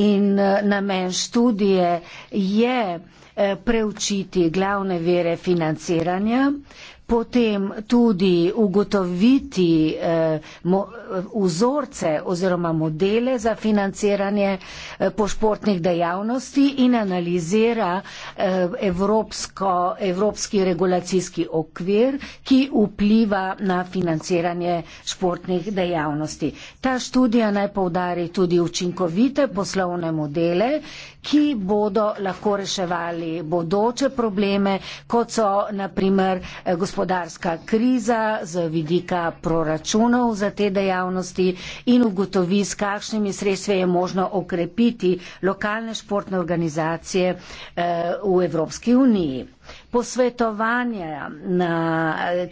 in eh, namen študije je eh, preučiti glavne vere financiranja, potem tudi ugotoviti eh, vzorce oziroma modele za financiranje eh, po športnih dejavnosti in analizira eh, evropsko, evropski regulacijski okvir, ki vpliva na financiranje športnih dejavnosti. Ta študija naj povdari tudi učinkovite poslovne modele, ki bodo lahko reševali bodoče probleme, kot so naprimer eh, gospodarska kriza z vidika proračunov za te dejavnosti in ugotovi, s kakšnimi sredstvi je možno okrepiti lokalne športne organizacije eh, v Evropski uniji posvetovanja,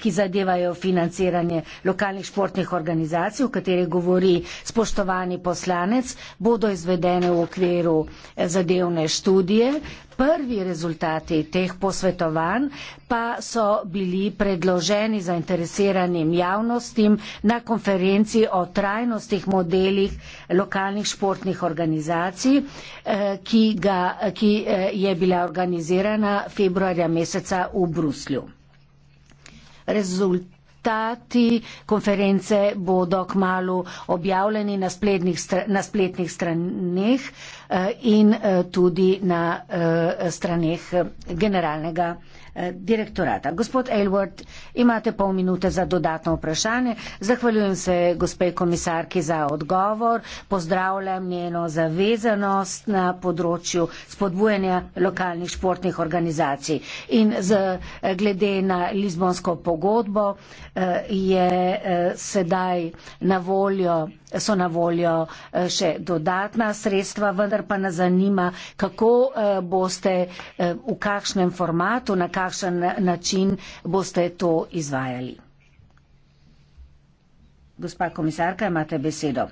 ki zadevajo financiranje lokalnih športnih organizacij, o katerih govori spoštovani poslanec, bodo izvedene v okviru eh, zadevne študije, Prvi rezultati teh posvetovanj pa so bili predloženi zainteresiranim javnostim na konferenci o trajnostih modelih lokalnih športnih organizacij, eh, ki, ga, ki eh, je bila organizirana februarja meseca v Bruslju. Rezultat rezultati konference bodo k malu objavljeni na spletnih, na spletnih straneh eh, in eh, tudi na eh, straneh generalnega Eh, direktorata. Gospod Aylward, imate pol minute za dodatno vprašanje. Zahvaljujem se gospe komisarki za odgovor. Pozdravljam njeno zavezanost na področju spodbujanja lokalnih športnih organizacij. In z, eh, glede na Lizbonsko pogodbo eh, je sedaj na voljo so na voljo eh, še dodatna sredstva, vendar pa nas zanima, kako eh, boste, eh, v kakšnem formatu, na kakšen način boste to izvajali. Gospa komisarka, imate besedo.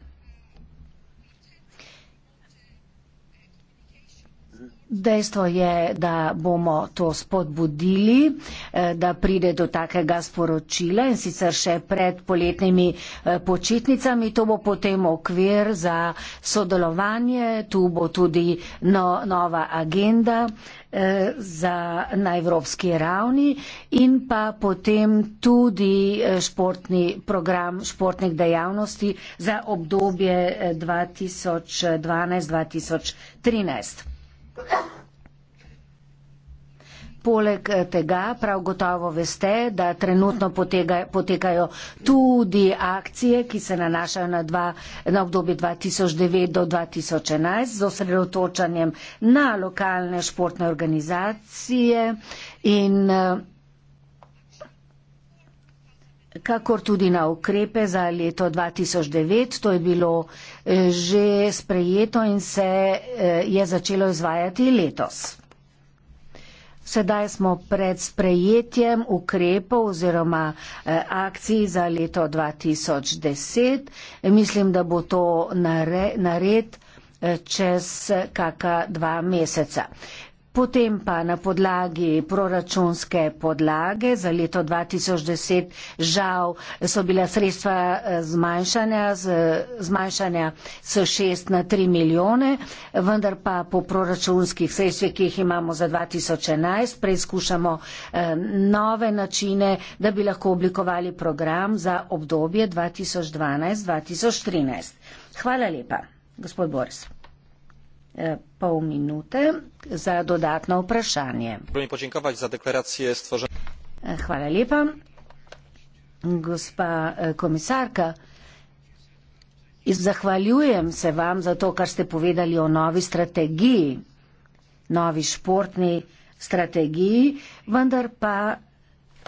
Dejstvo je, da bomo to spodbudili, eh, da pride do takega sporočila in sicer še pred poletnimi eh, počitnicami. To bo potem okvir za sodelovanje, tu bo tudi no, nova agenda eh, za, na evropski ravni in pa potem tudi športni program športnih dejavnosti za obdobje 2012-2013. Poleg eh, tega prav gotovo veste, da trenutno potega, potekajo tudi akcije, ki se nanašajo na, dva, na obdobje 2009 do 2011 z osredotočanjem na lokalne športne organizacije in uh, kakor tudi na ukrepe za leto 2009. To je bilo eh, že sprejeto in se eh, je začelo izvajati letos. Sedaj smo pred sprejetjem ukrepov oziroma eh, akcij za leto 2010. Mislim, da bo to nare, nared eh, čez kaka dva meseca. Potem pa na podlagi proračunske podlage za leto 2010 žal so bila sredstva eh, zmanjšanja, z, zmanjšanja s 6 na 3 milijone, vendar pa po proračunskih sredstvih, ki jih imamo za 2011, preizkušamo eh, nove načine, da bi lahko oblikovali program za obdobje 2012-2013. Hvala lepa, gospod Boris. E, pol minute za dodatno vprašanje. E, hvala lepa. Gospa e, komisarka, zahvaljujem se vam za to, kar ste povedali o novi strategiji, novi športni strategiji, vendar pa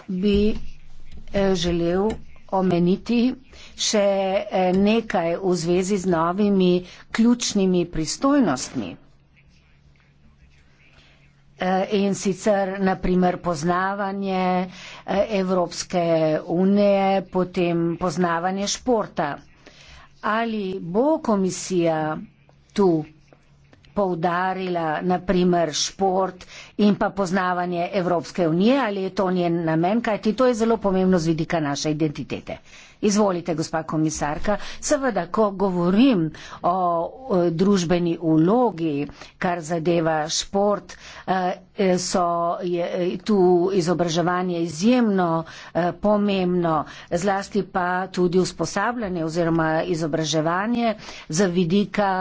bi želel omeniti še eh, nekaj v zvezi z novimi ključnimi pristojnostmi. Eh, in sicer naprimer poznavanje eh, Evropske unije, potem poznavanje športa. Ali bo komisija tu poudarila naprimer šport in pa poznavanje Evropske unije, ali je to njen namen, kajti to je zelo pomembno z vidika naše identitete. Izvolite, gospa komisarka. Seveda, ko govorim o, o družbeni ulogi, kar zadeva šport, eh, eh, so je, eh, tu izobraževanje izjemno pomembno, zlasti pa tudi usposabljanje oziroma izobraževanje za vidika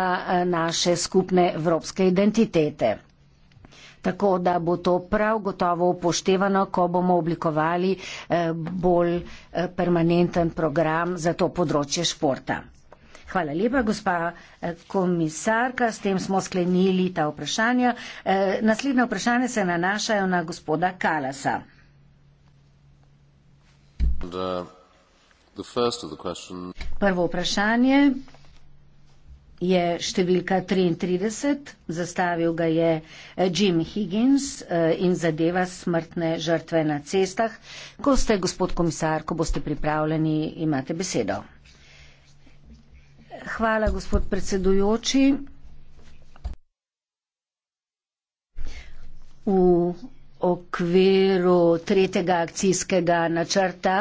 naše skupne evropske identitete tako da bo to prav gotovo upoštevano, ko bomo oblikovali eh, bolj eh, permanenten program za to področje športa. Hvala lepa, gospa eh, komisarka. S tem smo sklenili ta vprašanja. Naslednje vprašanje se nanašajo na gospoda Kalasa. Prvo vprašanje je številka 33, zastavil ga je eh, Jim Higgins eh, in zadeva smrtne žrtve na cestah. Ko ste, gospod komisar, ko boste pripravljeni, imate besedo. Hvala, gospod predsedujoči. V okviru tretjega akcijskega načrta,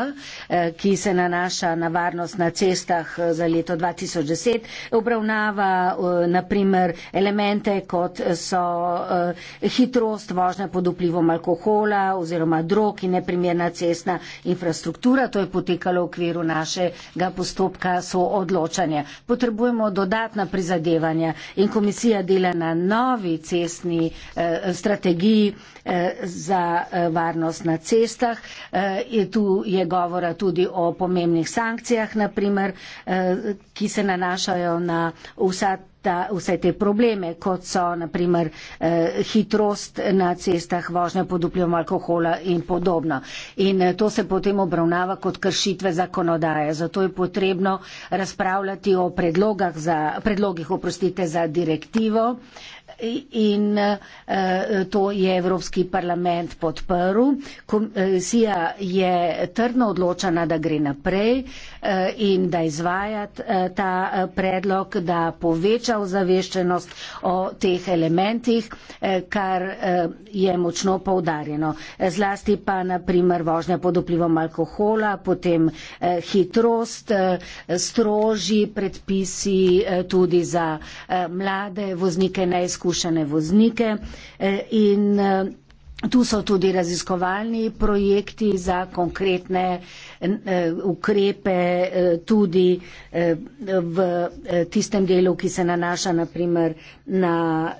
eh, ki se nanaša na varnost na cestah eh, za leto 2010, obravnava eh, naprimer elemente, kot so hitrost vožnja pod vplivom alkohola oziroma drog in neprimerna cestna infrastruktura. To je potekalo v okviru našega postopka soodločanja. Potrebujemo dodatna prizadevanja in komisija dela na novi cestni strategiji za eh, varnost na cestah. Eh, tu je govora tudi o pomembnih sankcijah, naprimer, eh, ki se nanašajo na vsa. Da vse te probleme, kot so naprimer eh, hitrost na cestah, vožnja pod vplivom alkohola in podobno. In eh, to se potem obravnava kot kršitve zakonodaje. Zato je potrebno razpravljati o predlogih, oprostite, za direktivo, eh, in eh, to je Evropski parlament podprl. Komisija eh, je trdno odločena, da gre naprej eh, in da izvaja ta predlog, da poveča ozaveščenost o teh elementih, kar je močno poudarjeno. Zlasti pa naprimer vožnja pod vplivom alkohola, potem hitrost, strožji predpisi tudi za mlade, voznike neizkušenosti, izkušene voznike eh, in eh, tu so tudi raziskovalni projekti za konkretne eh, ukrepe tudi v tistem delu, ki se nanaša naprimer na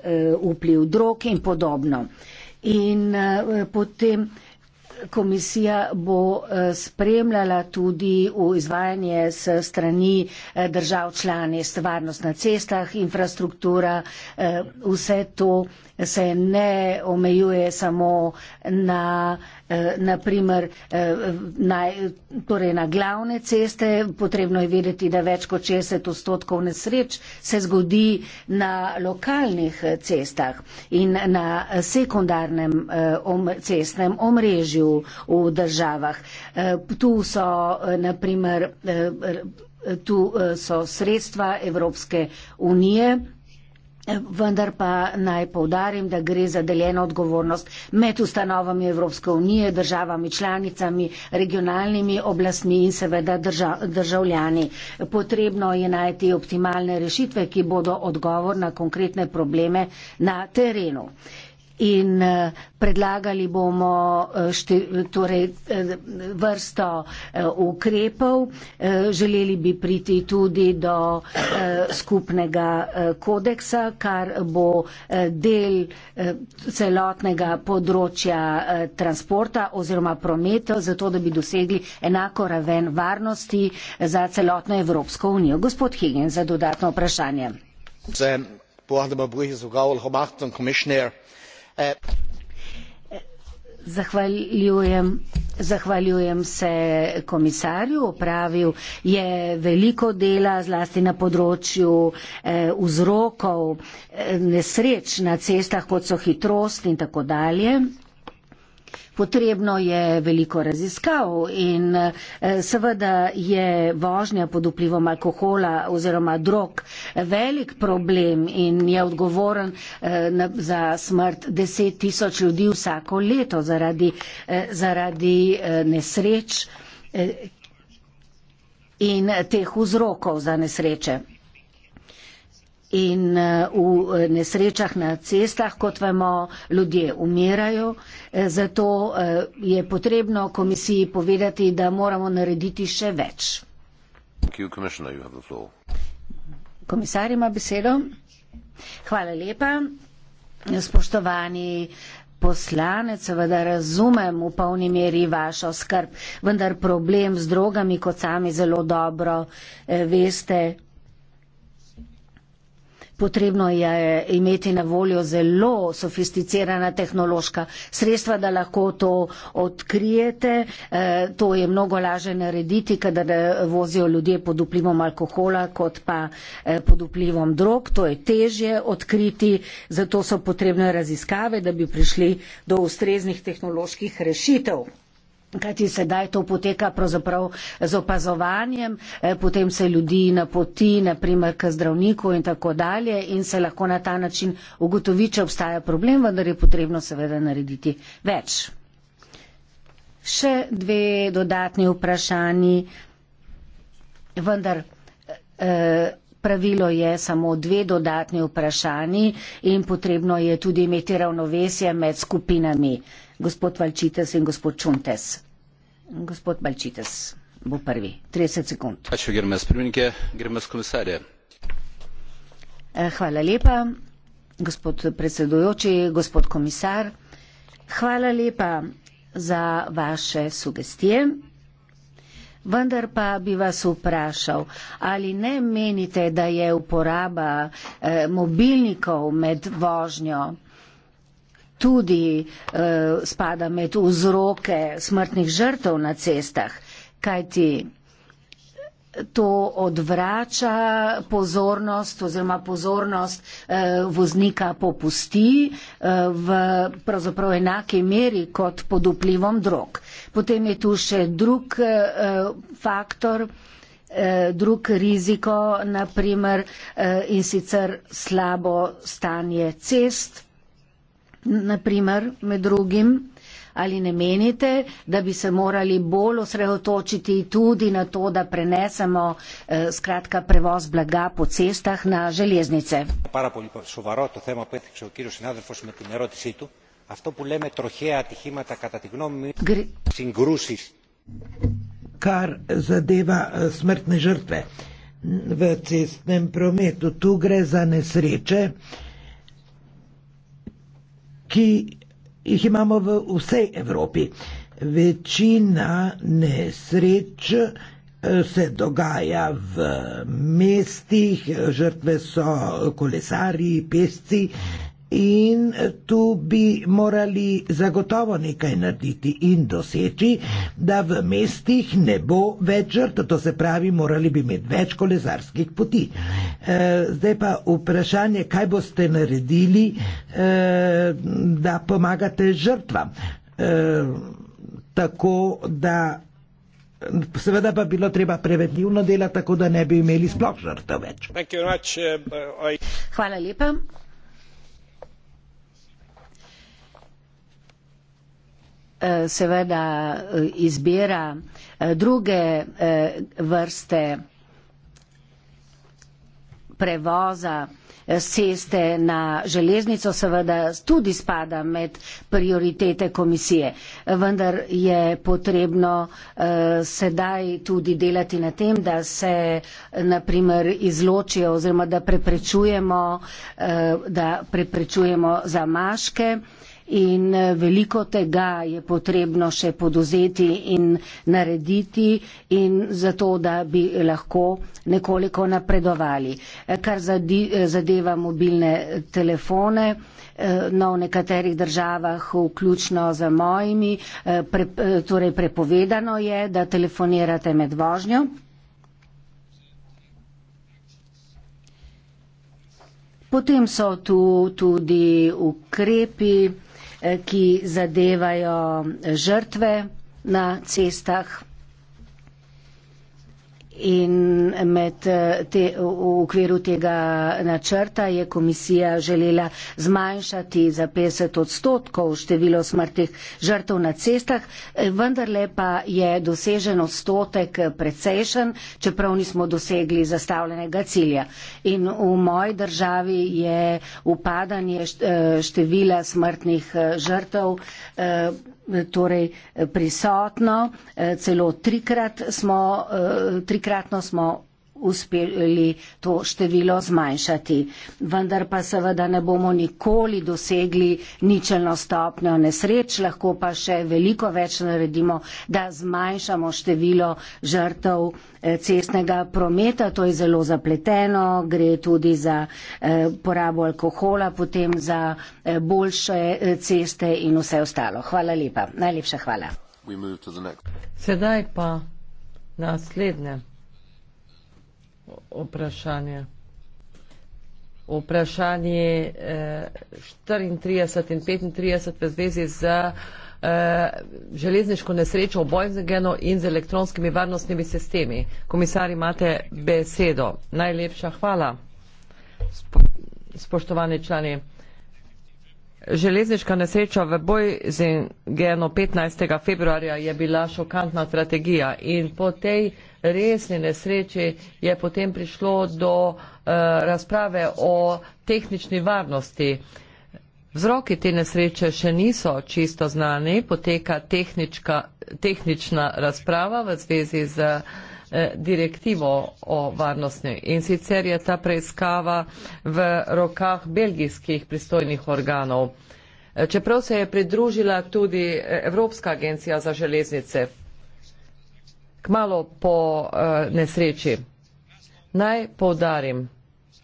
vpliv drog in podobno. In potem komisija bo eh, spremljala tudi izvajanje s strani eh, držav članic, varnost na cestah, infrastruktura, eh, vse to se ne omejuje samo na naprimer eh, na, eh, torej na glavne ceste. Potrebno je vedeti, da več kot 60 odstotkov nesreč se zgodi na lokalnih eh, cestah in na sekundarnem cestnem omrežju v državah. Tu so naprimer. Tu so sredstva Evropske unije Vendar pa naj povdarim, da gre za deljeno odgovornost med ustanovami Evropske unije, državami članicami, regionalnimi oblastmi in seveda državljani. Potrebno je najti optimalne rešitve, ki bodo odgovor na konkretne probleme na terenu in eh, predlagali bomo eh, šte, torej, eh, vrsto ukrepov. Želeli bi priti tudi do skupnega kodeksa, kar bo del celotnega področja transporta oziroma prometa, zato da bi dosegli enako raven varnosti za celotno Evropsko unijo. Gospod Higgins, za dodatno vprašanje. Sam. Po Adama Bruhe zagovoril, ho mahtan komisar, Zahvaljujem. Zahvaljujem se komisarju, opravil je veliko dela, zlasti na področju eh, vzrokov eh, nesreč na cestah, kot so hitrost in tako dalje. Potrebno je veliko raziskav in eh, seveda je vožnja pod vplivom alkohola oziroma drog velik problem in je odgovoren eh, za smrt deset tisoč ljudi vsako leto zaradi, eh, zaradi nesreč in teh vzrokov za nesreče in eh, v eh, nesrečah na cestah, kot vemo, ljudje umirajo. Eh, zato je potrebno komisiji povedati, da moramo narediti še več. Komisar ima besedo. Hvala lepa. Spoštovani poslanec, seveda razumem v polni meri vašo skrb, vendar problem z drogami, kot sami zelo dobro veste, potrebno je imeti na voljo zelo sofisticirana tehnološka sredstva, da lahko to odkrijete. E, to je mnogo laže narediti, kadar eh, vozijo ljudje pod vplivom alkohola, kot pa e, pod vplivom drog. To je težje odkriti, zato so potrebne raziskave, da bi prišli do ustreznih tehnoloških rešitev. Kajti sedaj to poteka pravzaprav z opazovanjem, eh, potem se ljudi napoti, naprimer k zdravniku in tako dalje in se lahko na ta način ugotovi, če obstaja problem, vendar je potrebno seveda narediti več. Še dve dodatni vprašanji, vendar eh, pravilo je samo dve dodatni vprašanji in potrebno je tudi imeti ravnovesje med skupinami. Gospod Valčites in gospod Čuntes. Gospod Balčites bo prvi. 30 sekund. Pa še gremo s premjenke, gremo s komisarje. Hvala lepa, gospod predsedujoči, gospod komisar. Hvala lepa za vaše sugestije. Vendar pa bi vas vprašal, ali ne menite, da je uporaba eh, mobilnikov med vožnjo tudi uh, spada med vzroke smrtnih žrtev na cestah, kajti to odvrača pozornost oziroma pozornost uh, voznika popusti uh, eh, v pravzaprav enaki meri kot pod vplivom drog. Potem je tu še drug uh, faktor. Drug riziko, naprimer, in sicer slabo stanje cest, naprimer, med drugim, ali ne menite, da bi se morali bolj osredotočiti tudi na to, da prenesemo eh, skratka prevoz blaga po cestah na železnice? Kar zadeva eh, smrtne žrtve v cestnem prometu, tu gre za nesreče, eh, ki jih imamo v vsej Evropi. Večina nesreč eh, se dogaja v mestih, eh, žrtve so kolesari, pesci. In tu bi morali zagotovo nekaj narediti in doseči, da v mestih ne bo več žrt, to se pravi, morali bi imeti več kolezarskih poti. Eh, zdaj pa vprašanje, kaj boste naredili, eh, da pomagate žrtvam. Eh, tako da, seveda pa bilo treba preventivno dela, tako da ne bi imeli sploh žrtev več. Hvala lepa. Eh, seveda eh, izbira eh, druge vrste prevoza z ceste na železnico, seveda tudi spada med prioritete komisije. Vendar je potrebno uh, sedaj tudi delati na tem, da se naprimer izločijo oziroma da preprečujemo, uh, da preprečujemo zamaške uh, in eh, veliko tega je potrebno še poduzeti in narediti in zato, da bi lahko nekoliko napredovali. Eh, kar eh, zadeva mobilne telefone, no v nekaterih državah, vključno za mojimi, pre, torej prepovedano je, da telefonirate med vožnjo. Potem so tu tudi ukrepi, ki zadevajo žrtve na cestah. In eh, te, v okviru tega načrta je komisija želela zmanjšati za 50 odstotkov število smrtnih žrtev na cestah, eh, vendar lepa je dosežen odstotek precejšen, čeprav nismo dosegli zastavljenega cilja. In v moji državi je upadanje eh, števila smrtnih žrtev. Eh, torej eh, prisotno, eh, celo trikrat smo, eh, trikratno smo uspeli to število zmanjšati. Vendar pa seveda ne bomo nikoli dosegli ničelno stopnjo nesreč, lahko pa še veliko več naredimo, da zmanjšamo število žrtev eh, cestnega prometa. To je zelo zapleteno, gre tudi za eh, porabo alkohola, potem za eh, boljše ceste in vse ostalo. Hvala lepa. Najlepša hvala. Sedaj pa naslednje vprašanje. Vprašanje eh, 34 in 35 v zvezi z eh, železniško nesrečo v Bojzengenu in z elektronskimi varnostnimi sistemi. Komisar, imate besedo. Najlepša hvala, spoštovani člani. Železniška nesreča v Bojzingenu 15. februarja je bila šokantna strategija in po tej resni nesreči je potem prišlo do uh, razprave o tehnični varnosti. Vzroki te nesreče še niso čisto znani, poteka tehnička, tehnična razprava v zvezi z. Uh, Eh, direktivo o varnosti. In sicer je ta preiskava v rokah belgijskih pristojnih organov. Eh, čeprav se je pridružila tudi eh, Evropska agencija za železnice, kmalo po nesreči. Naj povdarim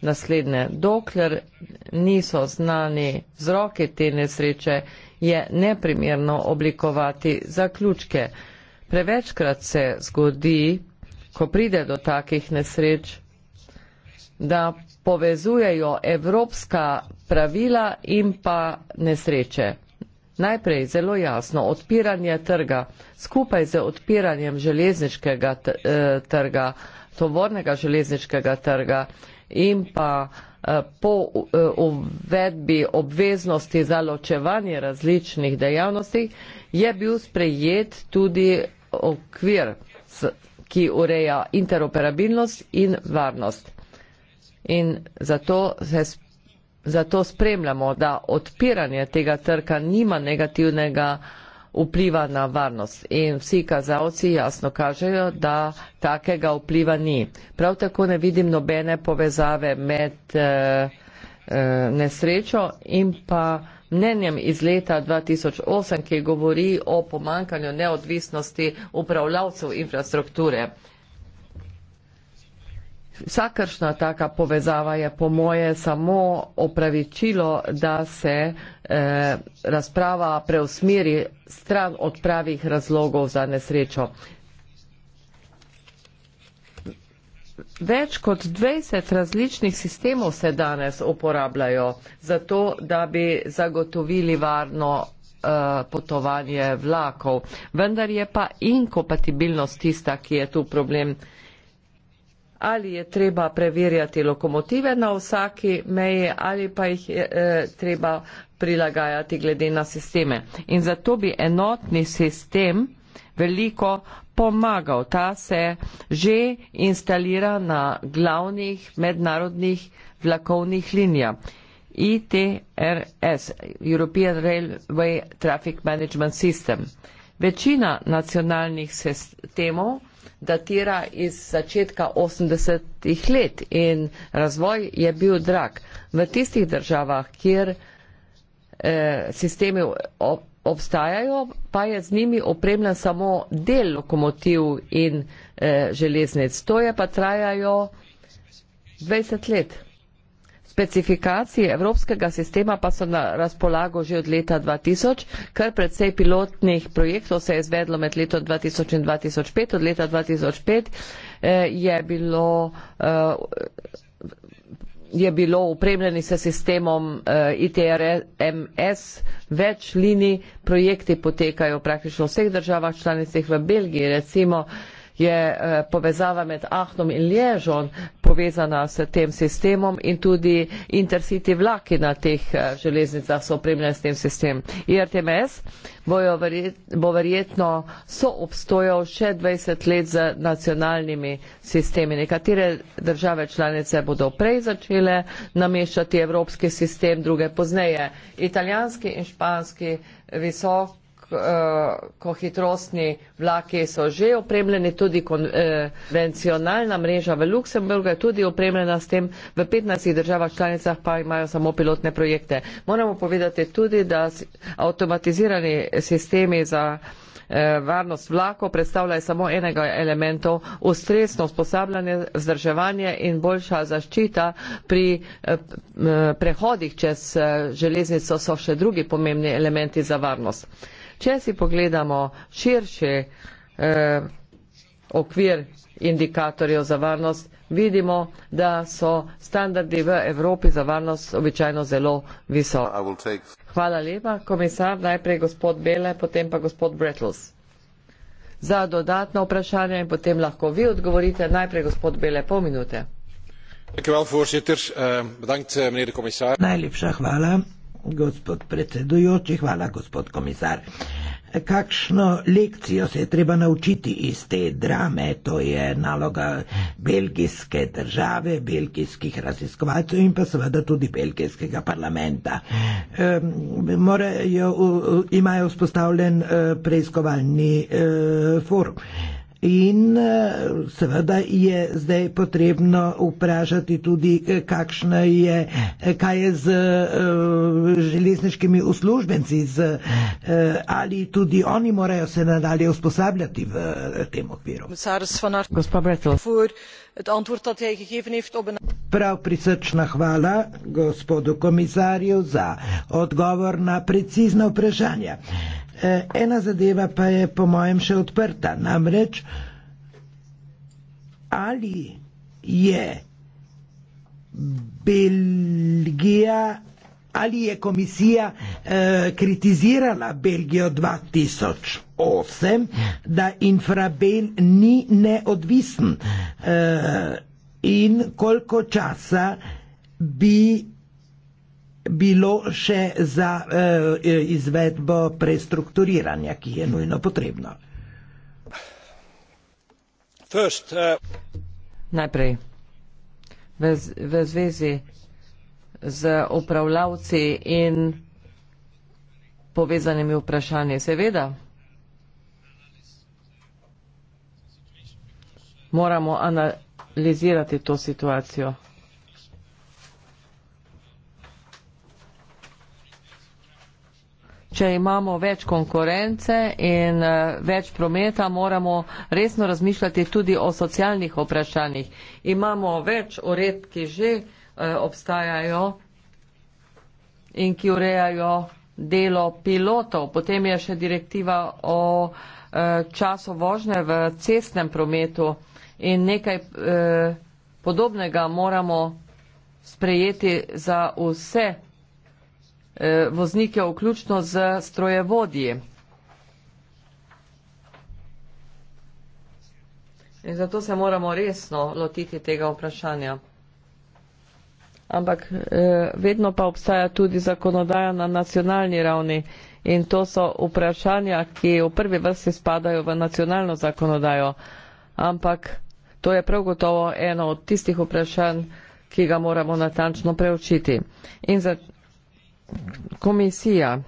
naslednje. Dokler niso znani vzroki te nesreče, je neprimerno oblikovati zaključke. Prevečkrat se zgodi, ko pride do takih nesreč, da povezujejo evropska pravila in pa nesreče. Najprej zelo jasno, odpiranje trga skupaj z odpiranjem železniškega eh, trga, tovornega železniškega trga in pa eh, po eh, uvedbi obveznosti za ločevanje različnih dejavnosti je bil sprejet tudi okvir ki ureja interoperabilnost in varnost. In zato, se, zato spremljamo, da odpiranje tega trga nima negativnega vpliva na varnost. In vsi kazalci jasno kažejo, da takega vpliva ni. Prav tako ne vidim nobene povezave med eh, eh, nesrečo in pa eh, mnenjem iz leta 2008, ki govori o pomankanju neodvisnosti upravljavcev infrastrukture. Vsakršna taka povezava je po moje samo opravičilo, da se eh, razprava preusmeri stran od pravih razlogov za nesrečo. Več kot 20 različnih sistemov se danes uporabljajo za to, da bi zagotovili varno uh, potovanje vlakov. Vendar je pa inkompatibilnost tista, ki je tu problem. Ali je treba preverjati lokomotive na vsaki meji ali pa jih je, e, treba prilagajati glede na sisteme. In zato bi enotni sistem veliko pomagal. Ta se že instalira na glavnih mednarodnih vlakovnih linijah. ITRS, European Railway Traffic Management System. Večina nacionalnih sistemov datira iz začetka 80-ih let in razvoj je bil drag. V tistih državah, kjer eh, sistemi obstajajo, pa je z njimi opremljen samo del lokomotiv in eh, železnic. To je pa trajajo 20 let. Specifikacije evropskega sistema pa so na razpolago že od leta 2000, kar predvsej pilotnih projektov se je izvedlo med letom 2000 in 2005. Od leta 2005 eh, je bilo. Eh, je bilo upremljeni s sistemom eh, ITRMS več linij, projekti potekajo praktično v vseh državah članicah, v Belgiji recimo, je eh, povezava med Ahnom in Lježom povezana s tem sistemom in tudi intercity vlaki na teh eh, železnicah so opremljeni s tem sistemom. IRTMS bo verjetno soobstojal še 20 let z nacionalnimi sistemi. Nekatere države članice bodo prej začele nameščati evropski sistem, druge pozneje. Italijanski in španski visok Eh, ko hitrostni vlaki so že opremljeni, tudi eh, konvencionalna mreža v Luksemburgu je tudi opremljena s tem, v 15 državah članicah pa imajo samo pilotne projekte. Moramo povedati tudi, da avtomatizirani sistemi za eh, varnost vlakov predstavlja samo enega elementov, ustresno usposabljanje, vzdrževanje in boljša zaščita pri prehodih čez železnico so še drugi pomembni elementi za varnost če si pogledamo širši eh, okvir indikatorjev za varnost, vidimo, da so standardi v Evropi za varnost običajno zelo visoki. Take... Hvala lepa, komisar, najprej gospod Bele, potem pa gospod Bretles. Za dodatno vprašanje in potem lahko vi odgovorite, najprej gospod Bele, pol minute. Dank u wel, voorzitter. Uh, bedankt, uh, meneer de commissaris. Nee, liefst, hvala gospod predsedujoči, hvala, gospod komisar. Kakšno lekcijo se je treba naučiti iz te drame? To je naloga belgijske države, belgijskih raziskovalcev in pa seveda tudi belgijskega parlamenta. E, morajo, imajo vzpostavljen eh, preiskovalni e, forum. In eh, seveda je zdaj potrebno vprašati tudi, eh, kakšna je, eh, kaj je z železniškimi uslužbenci, z, ali tudi oni morajo se nadalje usposabljati v tem okviru. Prav prisrčna hvala gospodu komisarju za odgovor na precizna vprašanja. E, ena zadeva pa je po mojem še odprta, namreč ali je Belgija, ali je komisija eh, kritizirala Belgijo 2008, da infrabel ni neodvisen eh, in koliko časa bi bilo še za eh, izvedbo prestrukturiranja, ki je nujno potrebno. First, uh... Najprej v, v zvezi z upravljavci in povezanimi vprašanji. Seveda moramo analizirati to situacijo. če imamo več konkurence in eh, več prometa, moramo resno razmišljati tudi o socialnih vprašanjih. Imamo več ured, ki že eh, obstajajo in ki urejajo delo pilotov. Potem je še direktiva o eh, času vožnje v cestnem prometu in nekaj podobnega moramo sprejeti za vse Eh, voznike, vključno z strojevodji. In zato se moramo resno lotiti tega vprašanja. Ampak eh, vedno pa obstaja tudi zakonodaja na nacionalni ravni in to so vprašanja, ki v prvi vrsti spadajo v nacionalno zakonodajo. Ampak to je prav gotovo eno od tistih vprašanj, ki ga moramo natančno preučiti. In za, komisija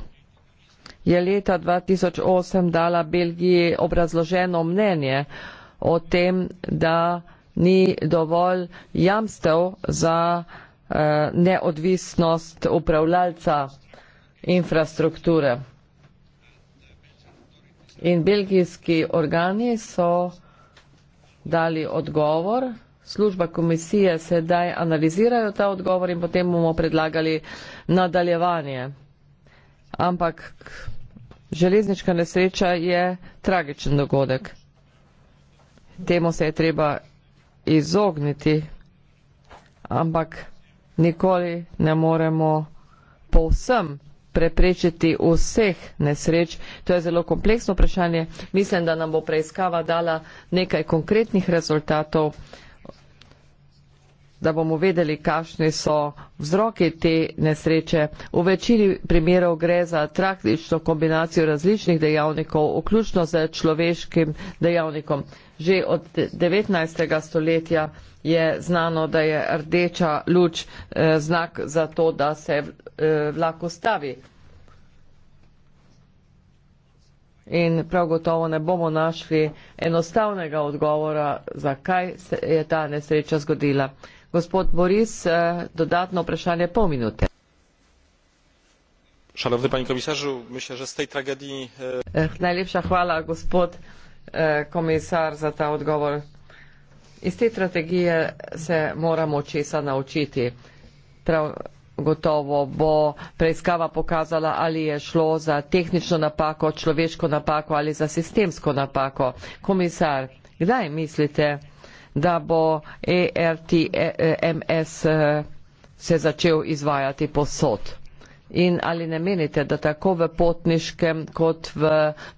je leta 2008 dala Belgiji obrazloženo mnenje o tem, da ni dovolj jamstev za eh, neodvisnost upravljalca infrastrukture. In belgijski organi so dali odgovor, služba komisije sedaj analizirajo ta odgovor in potem bomo predlagali eh, nadaljevanje. Ampak železniška nesreča je tragičen dogodek. Temu se je treba izogniti, ampak nikoli ne moremo povsem preprečiti vseh nesreč. To je zelo kompleksno vprašanje. Mislim, da nam bo preiskava dala nekaj konkretnih rezultatov da bomo vedeli, kakšni so vzroki te nesreče. V večini primerov gre za traktično kombinacijo različnih dejavnikov, vključno z človeškim dejavnikom. Že od 19. stoletja je znano, da je rdeča luč eh, znak za to, da se eh, vlak ustavi. In prav gotovo ne bomo našli enostavnega odgovora, zakaj se je ta nesreča zgodila. Gospod Boris, e, dodatno vprašanje, pol minute. Šalovni pani komisarzu, mislim, da z tej tragediji. Eh, e, najlepša hvala, gospod eh, komisar, za ta odgovor. Iz te strategije se moramo česa naučiti. Prav gotovo bo preiskava pokazala, ali je šlo za tehnično napako, človeško napako ali za sistemsko napako. Komisar, kdaj mislite? da bo ERTMS e eh, se začel izvajati posod. In ali ne menite, da tako v potniškem kot v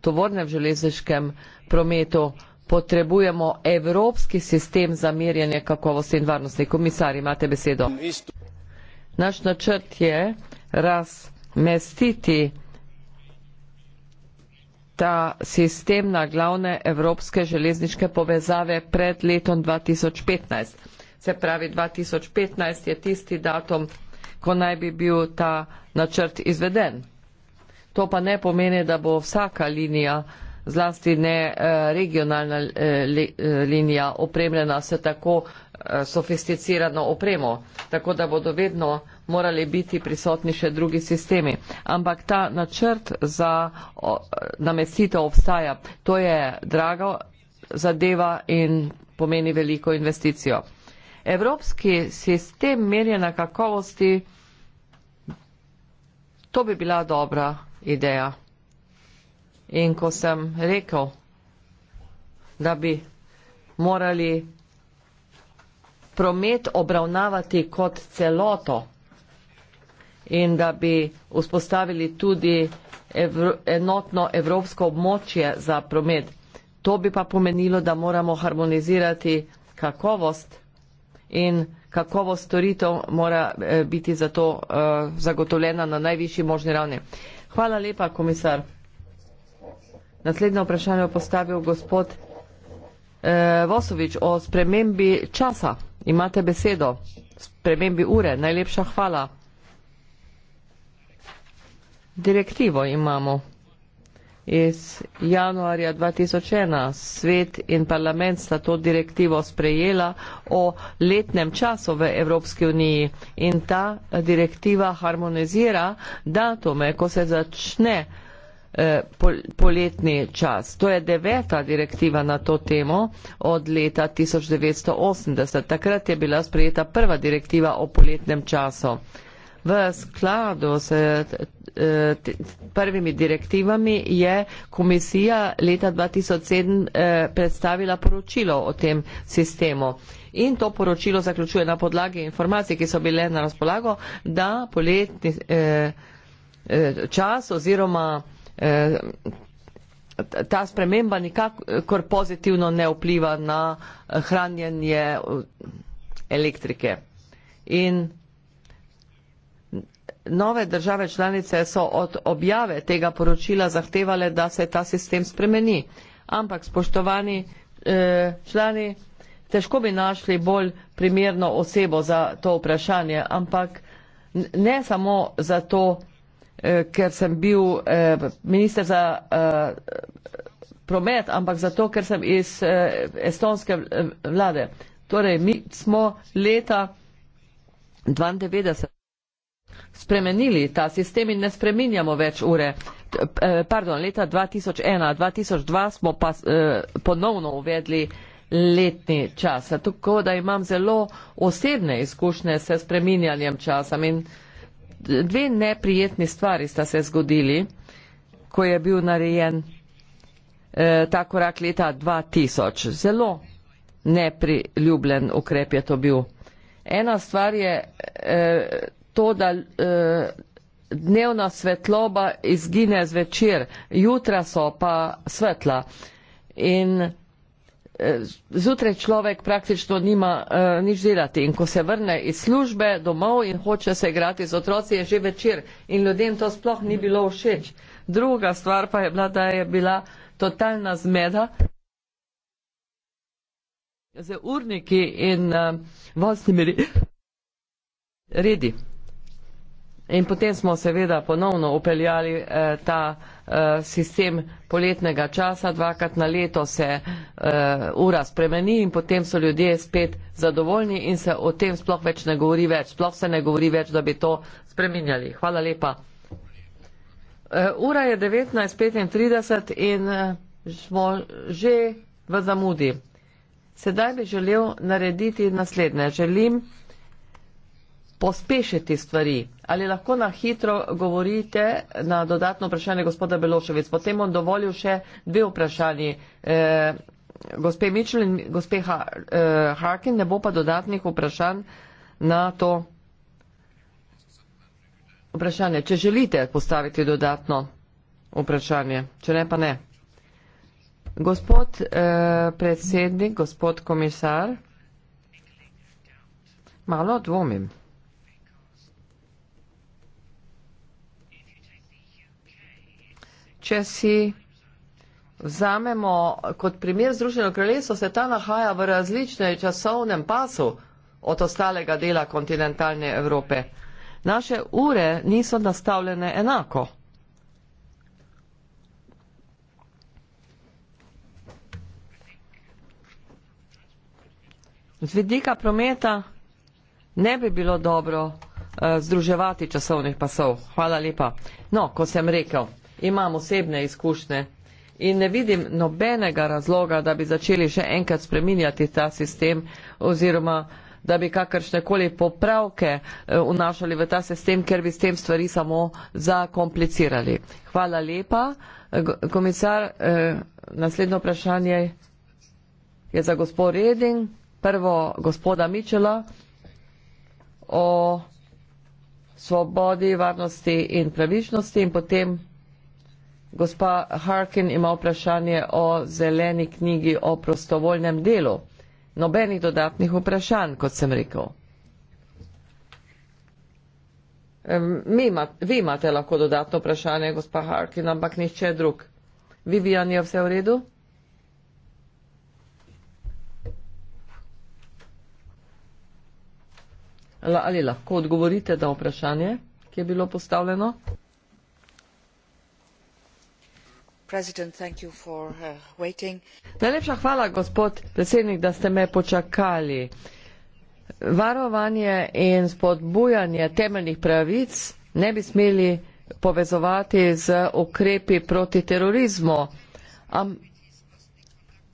tovornem železniškem prometu potrebujemo evropski sistem za merjanje kakovosti in varnosti? Komisar, imate besedo. Naš načrt je razmestiti ta sistem na glavne evropske železniške povezave pred letom 2015. Se pravi, 2015 je tisti datum, ko naj bi bil ta načrt izveden. To pa ne pomeni, da bo vsaka linija, zlasti ne eh, regionalna eh, eh, linija, opremljena s tako sofisticirano opremo. Tako da bodo vedno morali biti prisotni še drugi sistemi. Ampak ta načrt za namestitev obstaja. To je drago zadeva in pomeni veliko investicijo. Evropski sistem merjena kakovosti, to bi bila dobra ideja. In ko sem rekel, da bi morali promet obravnavati kot celoto, in da bi vzpostavili tudi evro, enotno evropsko območje za promet. To bi pa pomenilo, da moramo harmonizirati kakovost in kakovost storitev mora eh, biti zato uh, eh, zagotovljena na najvišji možni ravni. Hvala lepa, komisar. Naslednje vprašanje je postavil gospod uh, eh, Vosovič o spremembi časa. Imate besedo. Spremembi ure. Najlepša hvala direktivo imamo iz januarja 2001. Svet in parlament sta to direktivo sprejela o letnem času v Evropski uniji in ta direktiva harmonizira datume, ko se začne eh, poletni čas. To je deveta direktiva na to temo od leta 1980. Takrat je bila sprejeta prva direktiva o poletnem času v skladu s eh, prvimi direktivami je komisija leta 2007 eh, predstavila poročilo o tem sistemu. In to poročilo zaključuje na podlagi informacij, ki so bile na razpolago, da poletni eh, čas oziroma ta sprememba nikakor pozitivno ne vpliva na hranjenje elektrike. In nove države članice so od objave tega poročila zahtevale, da se ta sistem spremeni. Ampak, spoštovani eh, člani, težko bi našli bolj primerno osebo za to vprašanje, ampak ne samo zato, eh, ker sem bil eh, minister za promet, ampak zato, ker sem iz estonske vlade. Torej, mi smo leta 92 spremenili ta sistem in ne spreminjamo več ure. Eh, pardon, leta 2001, 2002 smo pa eh, ponovno uvedli letni čas. Tako da imam zelo osebne izkušnje s spreminjanjem časa. In dve neprijetni stvari sta se zgodili, ko je bil narejen eh, ta korak leta 2000. Zelo nepriljubljen ukrep je to bil. Ena stvar je to, da e, dnevna svetloba izgine zvečer, jutra so pa svetla. In e, zjutraj človek praktično nima e, nič delati. In ko se vrne iz službe domov in hoče se igrati z otroci, je že večer. In ljudem to sploh ni bilo všeč. Druga stvar pa je bila, da je bila totalna zmeda. Z urniki in uh, vlastnimi redi. In potem smo seveda ponovno upeljali eh, ta eh, sistem poletnega časa, dvakrat na leto se eh, ura spremeni in potem so ljudje spet zadovoljni in se o tem sploh več ne govori več, sploh se ne govori več, da bi to spreminjali. Hvala lepa. Eh, ura je 19.35 in eh, smo že v zamudi. Sedaj bi želel narediti naslednje. Želim, pospešiti stvari. Ali lahko na hitro govorite na dodatno vprašanje gospoda Beloševic? Potem bom dovolil še dve vprašanji. E, gospe Mičel in gospe ha, e, Harkin, ne bo pa dodatnih vprašanj na to vprašanje. Če želite postaviti dodatno vprašanje, če ne pa ne. Gospod e, predsednik, gospod komisar, malo dvomim. če si vzamemo kot primer Združeno kraljestvo, se ta nahaja v različnem časovnem pasu od ostalega dela kontinentalne Evrope. Naše ure niso nastavljene enako. Z vidika prometa ne bi bilo dobro uh, združevati časovnih pasov. Hvala lepa. No, ko sem rekel imam osebne izkušnje in ne vidim nobenega razloga, da bi začeli še enkrat spreminjati ta sistem oziroma da bi kakršnekoli popravke eh, vnašali v ta sistem, ker bi s tem stvari samo zakomplicirali. Hvala lepa. Eh, komisar, eh, naslednje vprašanje je za gospod Reding, prvo gospoda Mičela o svobodi, varnosti in pravičnosti in potem Gospa Harkin ima vprašanje o zeleni knjigi o prostovoljnem delu. Nobenih dodatnih vprašanj, kot sem rekel. Mi ima, vi imate lahko dodatno vprašanje, gospa Harkin, ampak nihče drug. Vivian je vse v redu? Ali lahko odgovorite na vprašanje, ki je bilo postavljeno? Uh, najlepša hvala gospod predsednik da ste me počakali varovanje in spodbujanje temeljnih pravic ne bi smeli povezovati z ukrepi proti terorizmu Am,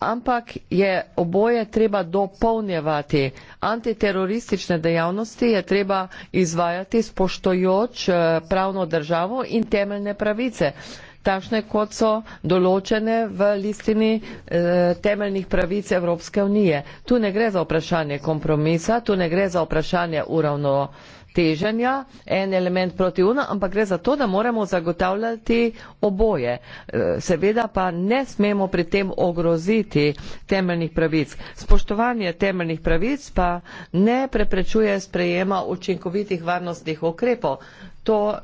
ampak je oboje treba dopolnjevati antiteroristične dejavnosti je treba izvajati spoštojoč eh, pravno državo in temeljne pravice takšne kot so določene v listini eh, temeljnih pravic Evropske unije. Tu ne gre za vprašanje kompromisa, tu ne gre za vprašanje uravno teženja, en element proti uno, ampak gre za to, da moramo zagotavljati oboje. Eh, seveda pa ne smemo pri tem ogroziti temeljnih pravic. Spoštovanje temeljnih pravic pa ne preprečuje sprejema učinkovitih varnostnih ukrepov. To eh,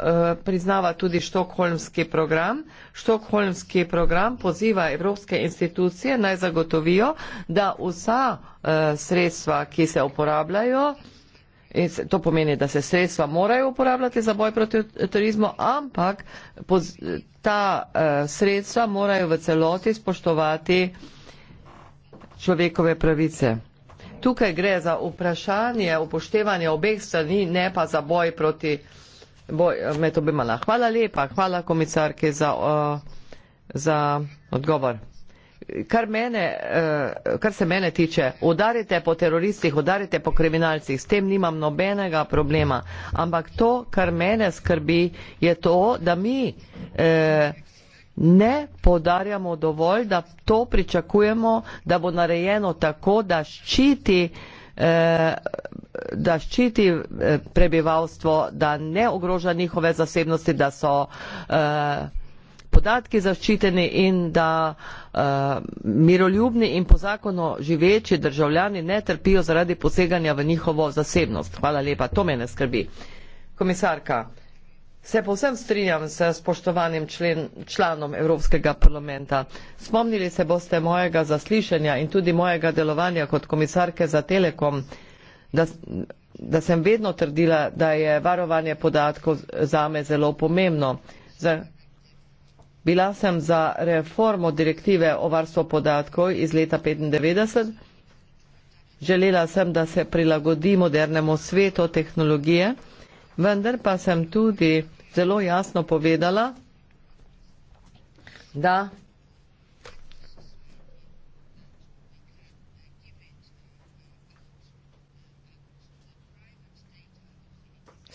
priznava tudi štokholmski program. Štokholmski program poziva evropske institucije naj zagotovijo, da vsa eh, sredstva, ki se uporabljajo, to pomeni, da se sredstva morajo uporabljati za boj proti turizmu, ampak ta eh, sredstva morajo v celoti spoštovati človekove pravice. Tukaj gre za vprašanje upoštevanja obeh strani, ne pa za boj proti turizmu med obema. Hvala lepa, hvala komisarke za, uh, za odgovor. Kar, mene, uh, kar se mene tiče, udarite po teroristih, udarite po kriminalcih, s tem nimam nobenega problema. Ampak to, kar mene skrbi, je to, da mi uh, ne podarjamo dovolj, da to pričakujemo, da bo narejeno tako, da ščiti. Uh, da ščiti eh, prebivalstvo, da ne ogroža njihove zasebnosti, da so eh, podatki zaščiteni in da eh, miroljubni in po zakonu živeči državljani ne trpijo zaradi poseganja v njihovo zasebnost. Hvala lepa, to me ne skrbi. Komisarka, se povsem strinjam s spoštovanim člen, članom Evropskega parlamenta. Spomnili se boste mojega zaslišanja in tudi mojega delovanja kot komisarke za telekom da, da sem vedno trdila, da je varovanje podatkov za me zelo pomembno. Za, bila sem za reformo direktive o varstvu podatkov iz leta 1995. Želela sem, da se prilagodi modernemu svetu tehnologije, vendar pa sem tudi zelo jasno povedala, da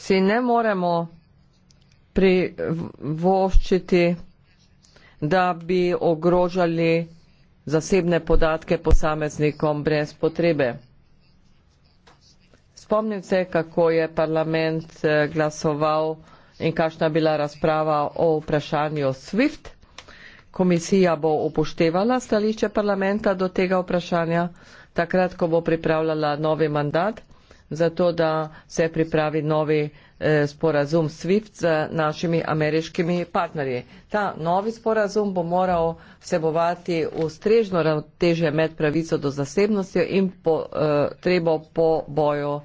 si ne moremo privoščiti, da bi ogrožali zasebne podatke posameznikom brez potrebe. Spomnim se, kako je parlament eh, glasoval in kakšna bila razprava o vprašanju SWIFT. Komisija bo upoštevala stališče parlamenta do tega vprašanja, takrat, ko bo pripravljala novi mandat zato da se pripravi novi eh, sporazum SWIFT z našimi ameriškimi partnerji. Ta novi sporazum bo moral vsebovati ustrežno ravnotežje med pravico do zasebnosti in eh, potrebo po boju